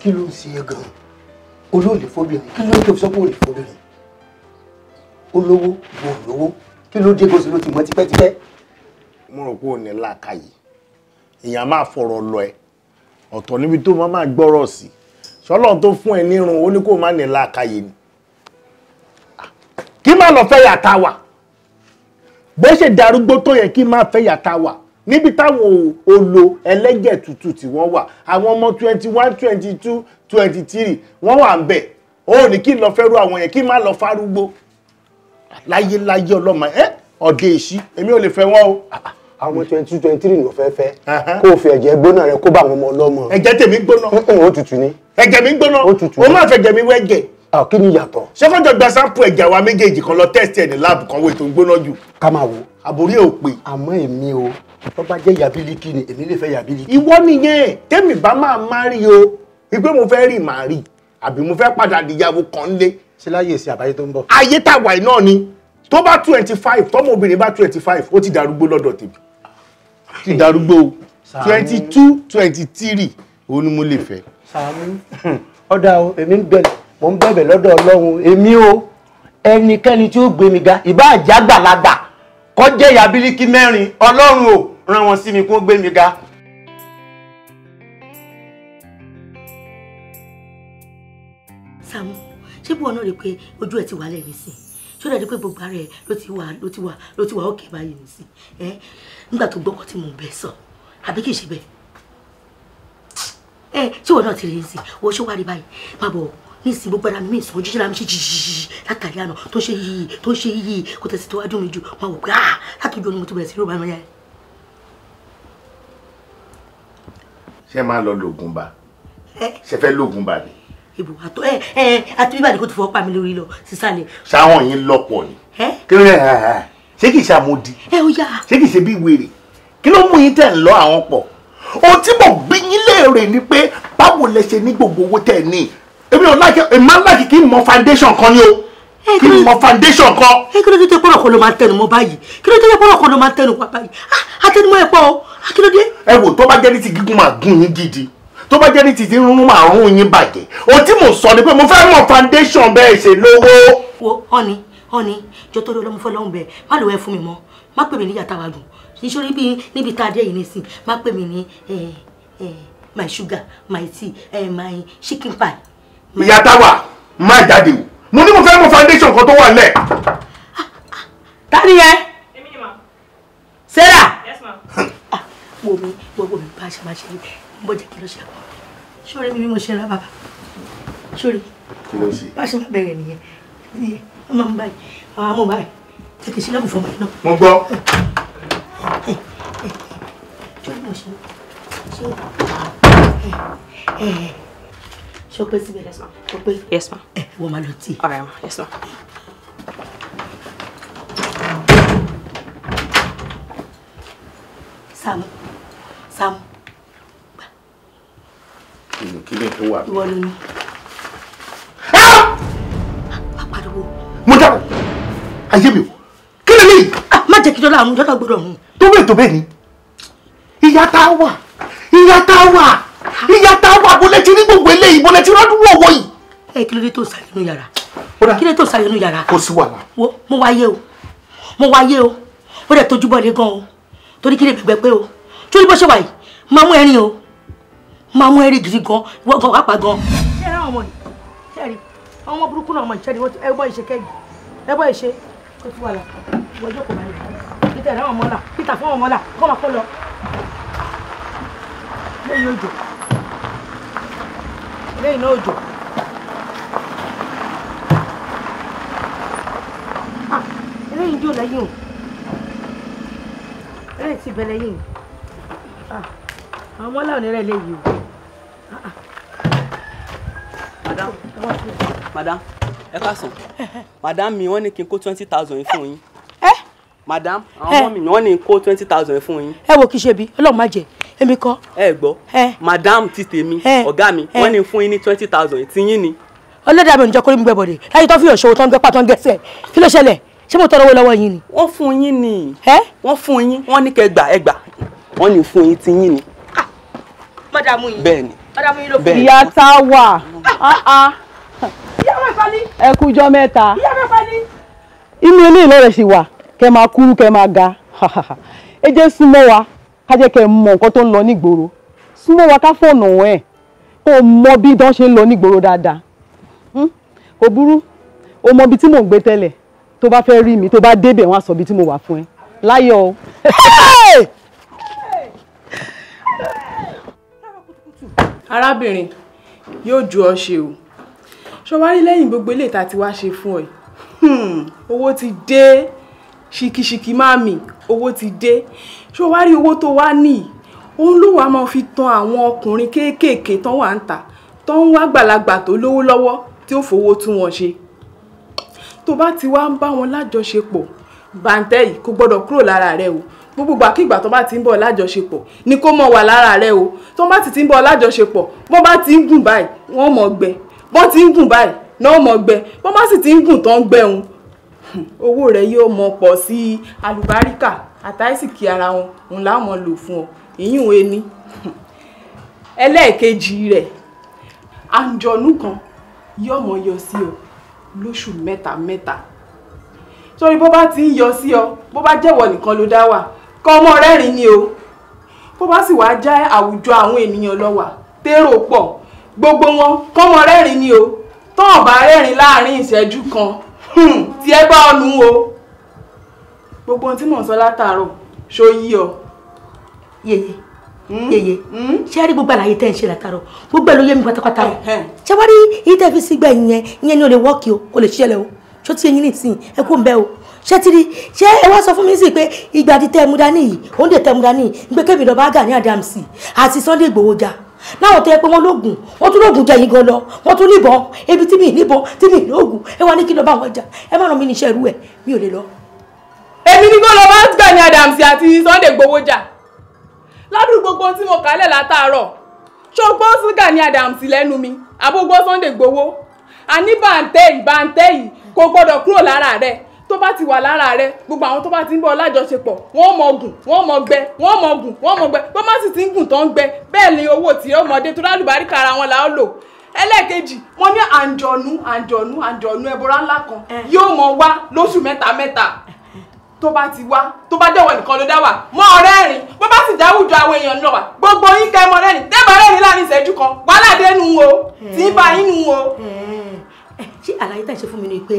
kí ló ń ṣe é gan-an olóòlè fóbìnrin kí ló ń tó fi sọ́kò òlè fóbìnrin olówó wo olówó kí ló dé gbèsè ló ti mọ tipẹ́tipẹ́. mo rò pé ò ní làákàyè èèyàn máa fọ̀rọ̀ lọ ẹ ọ̀tọ̀ níbi tó máa máa gbọ́rọ̀ sí ṣọlọ́run tó fún ẹ nírun ó ní kó má ní làákàyè ni kí má lọ fẹ́ yàtá wa bó ṣe darúgbó tó yẹ kí má fẹ́ yàtá wa níbi táwọn olo ẹlẹ́gẹ̀ tútù tí wọ́n wà àwọn ọmọ twenty one twenty two twenty three wọ́n wà ń bẹ̀ ó ní kí lọ fẹ́ ru àwọn yẹn kí má lọ fárúgbó láyéláyé ọlọ́mọ ẹ ọ̀dẹ̀ èṣí èmi ò lè fẹ́ wọn o àwọn twenty twenty three ló fẹ́ fẹ́ kó o fi ẹ̀jẹ̀ gbóná rẹ kó bá àwọn ọmọ ọlọ́mọ. ẹ̀jẹ̀ tèmi gbóná. ó tutù ni. ẹ̀jẹ̀ mi gbóná ó tutù ni. o máa fẹ̀jẹ̀ mi wẹ́jẹ̀. kí ni yàtọ̀. ṣẹ́kọ̀jọ gba sampo ẹ̀jẹ̀ wa méjèèjì kan lọ test ẹ̀ ní láàbù kan wo ètò gbóná jù. ká máa wo. àbórí ò pé. àmọ́ èmi o tó bá jẹ́ yabiliki ni èmi lè fẹ́ yabiliki. ìwọ nìyẹn tèmi bá máa má rí o ìgbé mo fẹ́ rí màá rí àbí mo fẹ́ padà dìyàwó kan lé. ṣé láyé èsì àbáyé tó ń bọ̀. ayé tàwa náà ni tó bá twenty five tọ́mọ obìnrin bá twenty five ó ti darúgbó lọ́dọ̀ tèmi ti darúgbó twenty two twenty three òun ni mo lè fẹ́. Sàámú (laughs) ọ̀dà o èmi ń bẹ̀rẹ̀ mò ń bẹ̀bẹ̀ lọ́dọ̀ Ọlọ́run èmi o ẹnikẹ́ni tí ó gbé mi ga ìbá àjàgbàlagbà kọjá ìyá bíríkì mẹ́rin Ọlọ́run o ràn wọ́n sí mi kó gbé mi ga. Sàámú ṣé bí wọn náà rí i pé ojú ẹ ti wà lẹ́yìn sí i ṣó dàdí pé gbogbo ara ẹ ló ti wà ló ti wà ló ti wà ókè báyìí nìsí nígbà tó gbọ́kọ́ tí mò ń bẹ sọ àbí kì í ṣe bẹ́ẹ̀ ẹ tí wọn náà ti rí ní sìn wọ́n ṣó wá rí báyìí pàbọ̀ ní ìsìn gbogbo ara mi ìsìn ojú ṣẹlá mi ṣe jìjìjì látàrí àná tó ṣe yìí tó ṣe yìí kò tẹ̀sí tó wá dùn mí jù wọn wò pé ah látọjú onímọ̀ tó bẹ̀rẹ̀ sí rògbà mẹ́rin. ṣé máa lọ lògùn bá ṣe fẹ́ lògùn bá ni. ìbò àtọ ẹ ẹ àti bíbá ni kò ti fọwọ́ pa mi lórí lọ sísàlẹ̀. ṣáwọn yín lọ́pọ̀ ni kí ló ń ṣé kìí ṣe àmòdì ṣé kìí ṣe bí wèrè kí ló mú yín tẹ̀ ń lọ àwọn pọ̀ ohun tí mo bí yín léèrè ni pé báwo lẹ ṣe ní gbogbo owó tẹ̀ ní èmi ò láìkí èmi máa ń kí n mọ foundation kan ni o kí n mọ foundation kan. ẹ kí ló dé tẹ pọ́nrọ̀ kan ló máa ń tẹnu mọ́ báyìí kí ló dé tẹ pọ́nrọ̀ kan ló máa ń tẹnu mọ́ báyìí àtẹnumọ́ ah, ẹ̀ pọ̀ o ah, kí ló dé. ẹ wò tó bá jẹ́ ní ti gígùn máa gún yín gidi tó bá jẹ́ ní ti rúnrún máa rún yín bàjẹ́ ohun tí mo sọ ni pé mo fẹ́ mọ foundation bẹ́ẹ̀ ṣe lówó. wo honey ọ̀ni jọ tó rí ọlọ́mú fọlọ́hún bẹ́ẹ̀ má lọ́wọ́ ẹ fún mi mọ́ má pè mí ní yàtá wa dùn nítorí bí níbi tá a dé yìí nísìn má pè mí ní my sugar my tea my chicken pie. ìyàtá wa máa jáde o mo ní mo fẹ́ mọ foundation kan tó wà lẹ̀. Ah, ah, ta ni yẹn. èmi ni ma. sarah. yes ma. Ah, wo mi wo wo mi bá a ṣe máa ṣe ní bó jẹ́ kí ló ṣe àpò ṣórí mi bí mo ṣe ra bàbá ṣórí bá a ṣe máa bẹ̀rẹ̀ nìyẹn ọmọ mi báyìí àwọn ah, ọmọ báyìí tètè sílẹ̀ fún mi náà. mo gbọ́. Eh, eh, eh. ṣé o pé síbẹ̀ yes ma. o pé. yes ma. ẹ wọ́n máa lọ tí. ọ̀rẹ́ ma yes ma. Sam Sam. kí ni kí ni tó wà. ìwọ ní. ayé mi o kí ni léyìí. Ah, má jẹ́ kí dọ́là àrùn dọ́là gbọ́dọ̀ rùn. tó bẹ́ẹ̀ tó bẹ́ẹ̀ ni ìyá tá a wà ìyá tá a wà ìyá tá a wà bó lẹ́tí ní gbogbo eléyìí bó lẹ́tí rọ́dún wọ̀wọ̀ yìí. ẹ kí ló dé tó sàyẹnú yàrá kí ló dé tó sàyẹnú yàrá. kò sí wàhálà. mo wá yé o mo wá yé o ó dẹ̀ tójú bọ́ọ̀lì gan o torí kí lè bẹ̀gbẹ̀ pé o torí bó ṣe wà yìí máa mú ẹrin o máa mú ẹrin gidi gan wọ́n gan wá pa gan. ṣé ẹ rán ọmọ yìí ṣe rí ọmọ burúkú náà ọmọ ìṣẹ́ ni ẹ bọ́ ìṣe kẹ́yìn ẹ bọ́ ìṣe ó ti wà là wọ́n jókòó máa ń lò peter ẹ̀rọ ọmọ là peter fún ọmọ là kó máa kó lọ lẹ́yìn òjò lẹ́yìn náà òjò. eléyìí jò lẹ́yìn o eléyìí ti madam madam ẹ káàsán (laughs) madam mi wọ́n ní kí n kó twenty thousand fún yín eh? madam àwọn ọmọ eh. mi wọ́n ní kó twenty thousand fún yín. ẹ eh, wo kì í ṣe bí Ọlọ́run má jẹ èmi kọ́. ẹ gbọ́ madam ti tèmi ọ̀gá mi wọ́n ní fún yín ní twenty thousand tí yín ni. ọlọ́dà mi ò ní jẹ́ kó rí mi gbẹ́bọ̀dẹ̀ láyé tó fi hàn ṣòwò tó ń gbẹ́ pàtó ń gẹ̀ẹ́sẹ̀ kí ló ṣẹlẹ̀ ṣé mo tọrọ owó lọ́wọ́ yín ni. wọ́n fún yín ni wọ́n fún yín wọ́n ní kẹgbà ẹgbà wọ́n ní fún yín ti yín ni. Ah! mọ́dàmú yín bẹ́ẹ̀ ni mọ́dàmú yín ló fún yín ẹ kújọ mẹ́ta inú ilé ìlọ rẹ̀ ṣì wà kẹ máa kúrú kẹ máa ga ẹ jẹ́ súnmọ́ wa ká jẹ́ kẹ mọ nǹkan tó ń lọ nígboro súnmọ́ wa ká fọ̀nà ẹ̀ kó o mọ bí tán ṣe ń lọ nígboro dáadáa kò burú o mọ ibi tí mò ń gbé tẹ́lẹ̀ tó bá fẹ́ rí mi tó bá débẹ̀ wọn á sọ ibi tí mo wà fún ẹ láyọ̀ o. arábìnrin yóò ju ọ ṣe o ṣọwárí lẹ́yìn gbogbo ilé ìta tí wàá ṣe fún ọ yìí hmm, owó ti dé ṣìkìṣìkì màmí owó ti dé ṣọwárí owó tó wá nìyí òun ló wàá máa fi tan àwọn ọkùnrin kéékèèké tán wà ń ta tán ń wá gbàlagbà tó lówó lọ́wọ́ tí ó fowó tún wọn ṣe tó bá ti wá ń bá wọn lájọṣepọ̀ bàǹtẹ́ yìí kò gbọ́dọ̀ kúrò lára rẹ o gbogbo ìgbàkigbà tó bá ti ń bọ̀ lájọṣepọ̀ ni kó mọ̀ wà lára rẹ o tó bá ti ti ń bọ̀ lájọṣepọ̀ bó bá ti ń gùn báyìí wọ́n mọ̀ gbẹ bó ti ń gùn báyìí náà mọ̀ gbẹ bó má sì ti ń gùn tán gbẹ òun (laughs) owó rẹ yóò mọ pọ̀ sí alùbáríkà àtàìsìkì ara wọn òun láwọn lò fún ọ ìyún ẹni (laughs) ẹlẹ́ẹ̀kejì rẹ̀ àǹjọ̀nú kan yọ̀mọ̀ yọ sí ọ lóṣù mẹ́ta mẹ́ta torí bó bá ti ń yọ sí ọ bó bá jẹ́wọ́ nìkan ló dá wà kọ́ ọmọ rẹ́rìn ni o bó bá sì wá já àwùjọ àwọn ènìyàn lọ wà térò pọ̀ gbogbo wọn kọ́mọ rẹ́rìn ni o tọ́ọ̀ bá rẹ́rìn láàrin ìṣẹ́jú kan tí ẹ bá ọnu o gbogbo ohun tí mò ń sọ látàárọ̀ ṣó yí ọ. yèyè hmm? yèyè hmm? ṣé rí gbogbo àlàyé tẹ́ ń ṣe látàárọ̀ gbogbo ẹ̀ ló yé mi pátápátá o ṣé wá rí èyí tẹ́ fi sígbà yẹn yẹn ni o lè wọ́ọ̀kì o o lè ṣẹlẹ̀ o ṣó tí eyín nìsín ẹ kó ń o ṣé ti rí ṣé ẹ wá sọ fún mi sí pé ìgbà tí tẹ́ mu dání yìí òun dè tẹ́ mu dání yìí gbé kébì lọ́ba Gani Adams àti Sunday Igboho láwọn tẹ́ pé wọ́n lóògùn wọ́n tún lóògùn jẹ yín gan lọ wọ́n tún níbọn ebi tí mi níbọn tí mi lóògùn ẹ wá ní kí lọ bá wọn jà ẹ má ràn mí níṣẹ́ irú ẹ̀ mi ò lè lọ. èmi ní kó lọ bá gbà ní Adams àti Sunday gbowó jà ládùúgbò gbogbo tí mo kálẹ̀ látàárọ̀ ṣọgbọ́n ṣúgà ní Adams lẹ́nu mi àbúgbọ́ Sunday gbowó àní bàǹtẹ́ yìí bàǹtẹ́ yìí kò gbọ́dọ̀ kúrò lára rẹ̀ tó bá ti wà lára rẹ gbogbo àwọn tó bá ti ń bọ̀ lájọṣepọ̀ wọ́n mọ gùn wọ́n mọ gbẹ wọ́n mọ gùn wọ́n mọ gbẹ bó má sì ti ń gùn tó ń gbẹ bẹ́ẹ̀ ni owó tí ó mọdé tó lálùbáríkà ara wọn là lò ẹlẹ́ẹ̀kejì mo ní àǹjọ̀nú àǹjọ̀nú àǹjọ̀nú ẹbọra ńlá kan eh. yóò mọ wá lóṣù mẹ́ta mẹ́ta tó bá ti wá tó bá dẹ̀wọ̀ nìkan ló dá wà mọ́ ọ̀rẹ́ rìn bó bá sì dáwùjọ àwọn èèyàn náà wà gbogbo yín kẹ́ mọ́ rẹ́rìn tẹ́bà rẹ́rìn láàrin ìṣẹ́jú kan wàhálà dénú o hmm. tí ń bá yín nu o. Hmm ṣé àlàyé tẹ̀ ṣe fún mi ni pé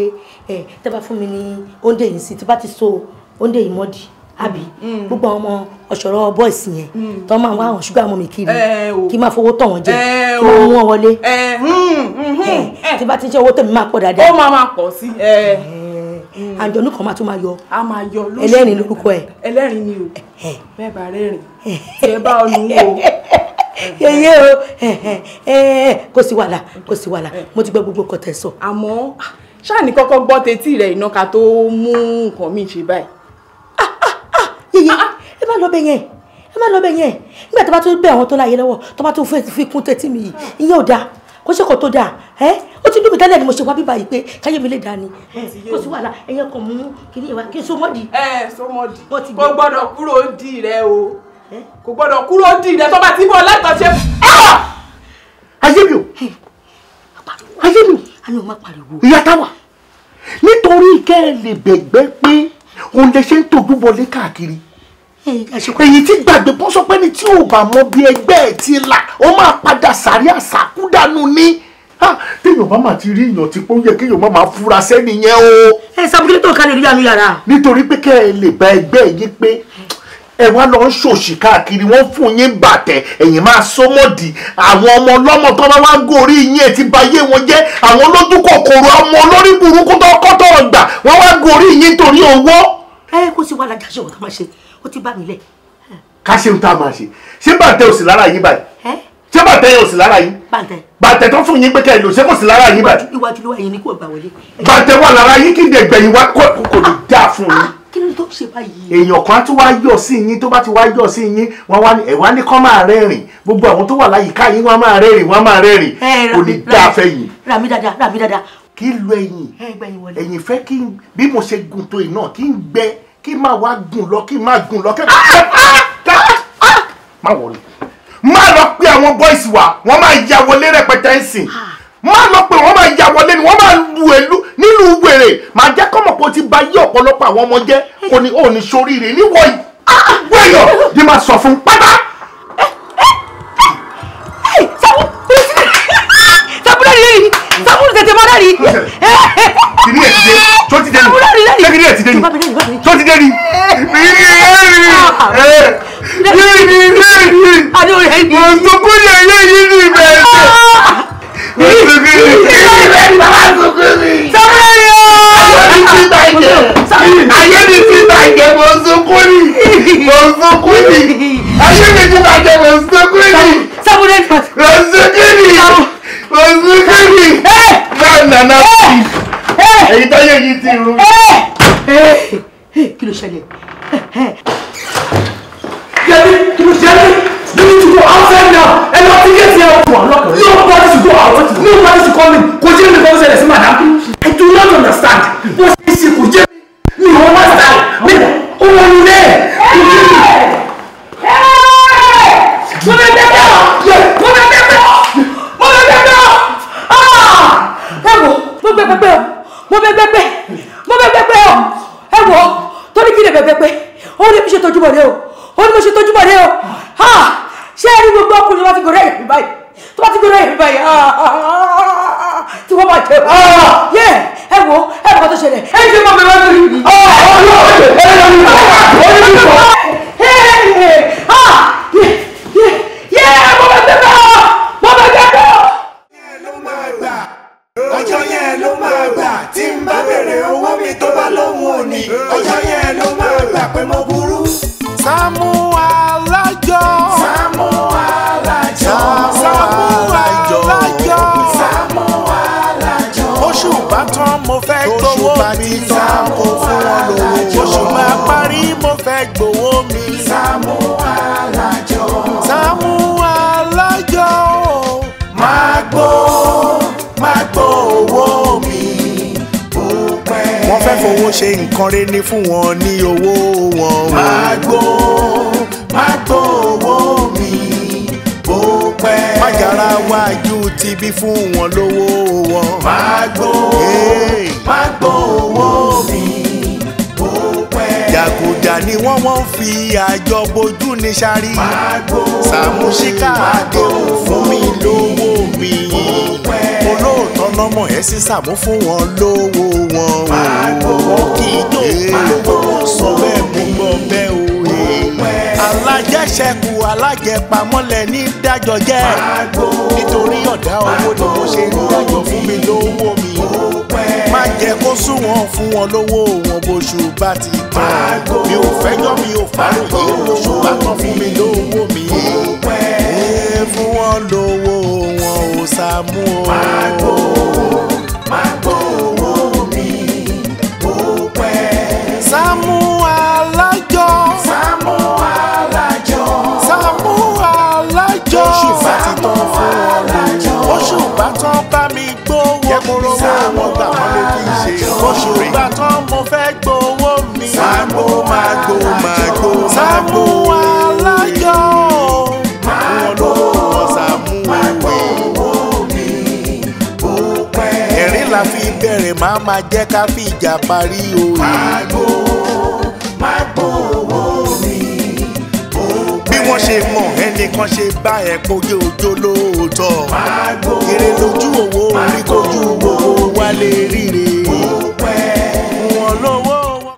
ẹ tẹ́ bá fún mi ní oúnjẹ yìí sí tí bá ti so oúnjẹ yìí mọ́dì àbí mm. gbogbo àwọn ọmọ ọ̀ṣọ́rọ̀ bọ́ìsì yẹn mm. tó máa wá àwọn ṣúgà mọ́ mi kiri eh, eh, oh. kí máa fowó tọ̀ wọ́n jẹ eh, kí wọ́n mú oh. wọn wọlé hmm, hmm, hmm. tí bá ti jẹ́ owó tẹ̀mí máa pọ̀ dáadáa. ó máa máa pọ̀ sí àjọ̀nú kan máa tún máa yọ ẹlẹ́rìn lórúkọ ẹ̀. ẹlẹ́rìn ni o bẹ́ẹ̀ bá rẹ́rìn tẹ́ bá ọ̀nù wò (laughs) yeye o eh, eh, eh, kò sí wàhálà kò sí wàhálà mo ti gbọ́ gbogbo nǹkan tẹ́ sọ. àmọ́ ṣáàní kọ́kọ́ gbọ́ tẹ́tí rẹ̀ iná ká tó mú nǹkan mi ṣe báyìí. Ah, ah, ah. yeye ẹ má lọ bẹ yẹn ẹ má lọ bẹ yẹn nígbà tó bá tún bẹ àwọn tó láyé lọ́wọ́ tó bá tún fún fi kún tẹ́tí mi yìí ìyẹn ò dáa kó ṣe kò tó dáa ẹ ó ti dúpẹ́ tẹ́lẹ̀ ni mo ṣe wá bíbá yìí pé káyé mi lè dáa ni kó sì wàhálà ẹ̀yẹ kan mú kí ni ìwà kí n di rẹ o kò gbọ́dọ̀ kúrò dì ìdẹ tó bá ti bọ̀ látọ̀ṣe. ayé mi o ayé mi ìyá táwa nítorí kẹ́ ẹ lè bẹ̀gbẹ́ pé òun lè ṣe ń tòjú wọlé káàkiri èyí tí gbàgbé bọ́ sọ pé ní tí ò bá mọ bí ẹgbẹ́ ẹ̀ ti là ó máa padà sàrí àsàkúdànù ni téèyàn bá máa ti rí èèyàn tí ó yẹ kéèyàn má máa fura sẹ́ni yẹn o. ẹ sábúkí tó kálẹ̀ rí àánú yàrá. nítorí pé kẹ́ ẹ lè bá ẹgbẹ́ yín pé ẹ wá lọ ń ṣòṣì káàkiri wọ́n fún yín bàtẹ̀ ẹ̀yin máa sọmọdì àwọn ọmọ ọlọ́mọ tó bá wá gòrí yín ẹ ti bayé wọn jẹ́ àwọn lójú kòkòrò ọmọ olórí burúkú tó kọtọ ọgbà wọ́n wá gòrí yín torí owó. ẹ kó sì wá lajà ṣe òun tó máa ṣe ó ti bá mi lẹ. ká ṣe ohun tá máa ṣe ṣé bàtẹ ò sí lára yín báyìí ṣé bàtẹ yẹn ò sí lára yín. bàtẹ tó fún yín pé kẹ́ ẹ lò ṣé kò sí lára yín báyìí. iwájú ló wà yín ni kò gbà wọlé. bàtẹ wà lára yín kí n wá kò kò lè dáa fún yín kí ló tó ṣe báyìí. èèyàn kan tó wá yọ̀ sí yín tó bá ti wá yọ̀ sí yín wọ́n wá ní ẹ̀wá ní kán máa rẹ́rìn gbogbo àwọn tó wà láyìíká yín wọ́n máa rẹ́rìn wọ́n máa rẹ́rìn kò ní dáa fẹ́ yìí. rà mí dáadáa rà mí dáadáa. kí lu ẹ̀yìn ẹ̀yìn fẹ́ kí bí mo ṣe gùn tó iná kí n gbẹ kí má wá gùn lọ kí má gùn lọ má wọlé má lọ pé àwọn bọ́ìsì wa wọ́n máa ya wọlé rẹpẹtẹ ń sìn ah. má lọ pé wọ́n máa ya wọlé ni wọ́n máa lu èlú nílùú wèrè màá jẹ́ kọ́ mọ̀ pé o ti ba yí ọ̀pọ̀lọpọ̀ àwọn ọmọ jẹ́ kò ní ò ní soríire níwọ̀ yìí wẹ̀yọ̀ ni màá sọ fún pátá. sàbúrò rí rí sàbúrò tètè máa rí. kìnì ẹ̀ ti dé tó ti dé ni kìnì ẹ̀ ti dé ni tó ti dé ni. mo sọ fún yẹ̀yẹ́ yìí ní ìbẹ̀rẹ̀. Sekini! Ayé mi ti bàjẹ́ wò Sekini! Sábúdé ìfàt! Wò Sekini! Wò Sekini! Náà nàná sí! Èyí táyé yìí ti rú. Kí ló ṣẹlẹ̀? Yẹ́nì kí ló ṣẹlẹ̀? You need to go outside now! Ẹ lọ sí gẹ̀ẹ́sì ẹ̀ wọ̀ lọ́kàn. No party to go out! No party to go out! bí mo ṣe tójú bọ̀ dé o ṣé ẹ rí gbogbo ọkùnrin wa ti gòrè ẹ̀mí báyìí tó bá ti gòrè ẹ̀mí báyìí tí wọ́n bá jẹ ah! yẹ ẹ wo ẹ bọ́ tó ṣẹlẹ̀ ẹ ṣe máa mẹ́wàá lórí mi. ọjọ́ yẹn ló máa gbà tí n bá bèrè owó mi tó bá lóhùn òní ọjọ́ yẹn ló máa gbà pé mo burú. Samu Alájọ. Samu Alájọ. Samu Alájọ. Samu Alájọ. oṣù bàtàn mo fẹ́ gbowó mi. oṣù bàtàn mo fẹ́ gbowó mi. oṣù máa mo fẹ́ gbowó mi. Sàámú fowó ṣe nǹkan rẹ ní fún wọn ní owó wọn. má gbó owó mi bó pẹ́. má yàrá wájú ti bí fún wọn lówó wọn. má gbó owó mi bó pẹ́. jàgùjà ni wọ́n wọ́n fi àjọ bojú ní sáré. má gbó má gbó owó mi bó pẹ́. olóòtú ọlọ́mọ ẹ̀ sì sàmú fún wọn lówó wọn o. pàgbó ìjó pàgbó sọ bẹ́ẹ̀ mú gbọ́ bẹ́ẹ̀ o. Eh. alájẹṣẹ́kù alájẹpamọ́lẹ̀ ní dájọ́ jẹ́ nítorí ọ̀dá owó ni mo ṣe ń dájọ́ fún mi lówó mi má jẹ́ kó sún wọn fún wọn lówó wọn bóṣù bá ti tán mi ò fẹ́jọ́ mi ò fàròyé lóṣù bá tán fún mi lówó mi fún wọn lówó wọn ò sàmú o. máa gbó máa gbó owó mi ó pẹ́. Sàámú Alájọ. Sàámú Alájọ. Sàámú Alájọ. oṣù bá ti tán fún wọn oṣù bá tán bá mi gbówó mo rówó mo gbà wọn lójú ìṣe oṣù bá tán mo fẹ́ gbówó mi. Sàámú máa gbó máa gbó máa Alájọ. la fi bẹ̀rẹ̀ máa ma jẹ́ ká fi ìjà parí o. Magbo Magbo owó mi. Bí wọ́n ṣe mọ̀ ẹnìkan ṣe bá ẹ̀ pojú ojó lóòótọ́. Magbo Magbo èrè lójú òwò orí owó wálé ríre.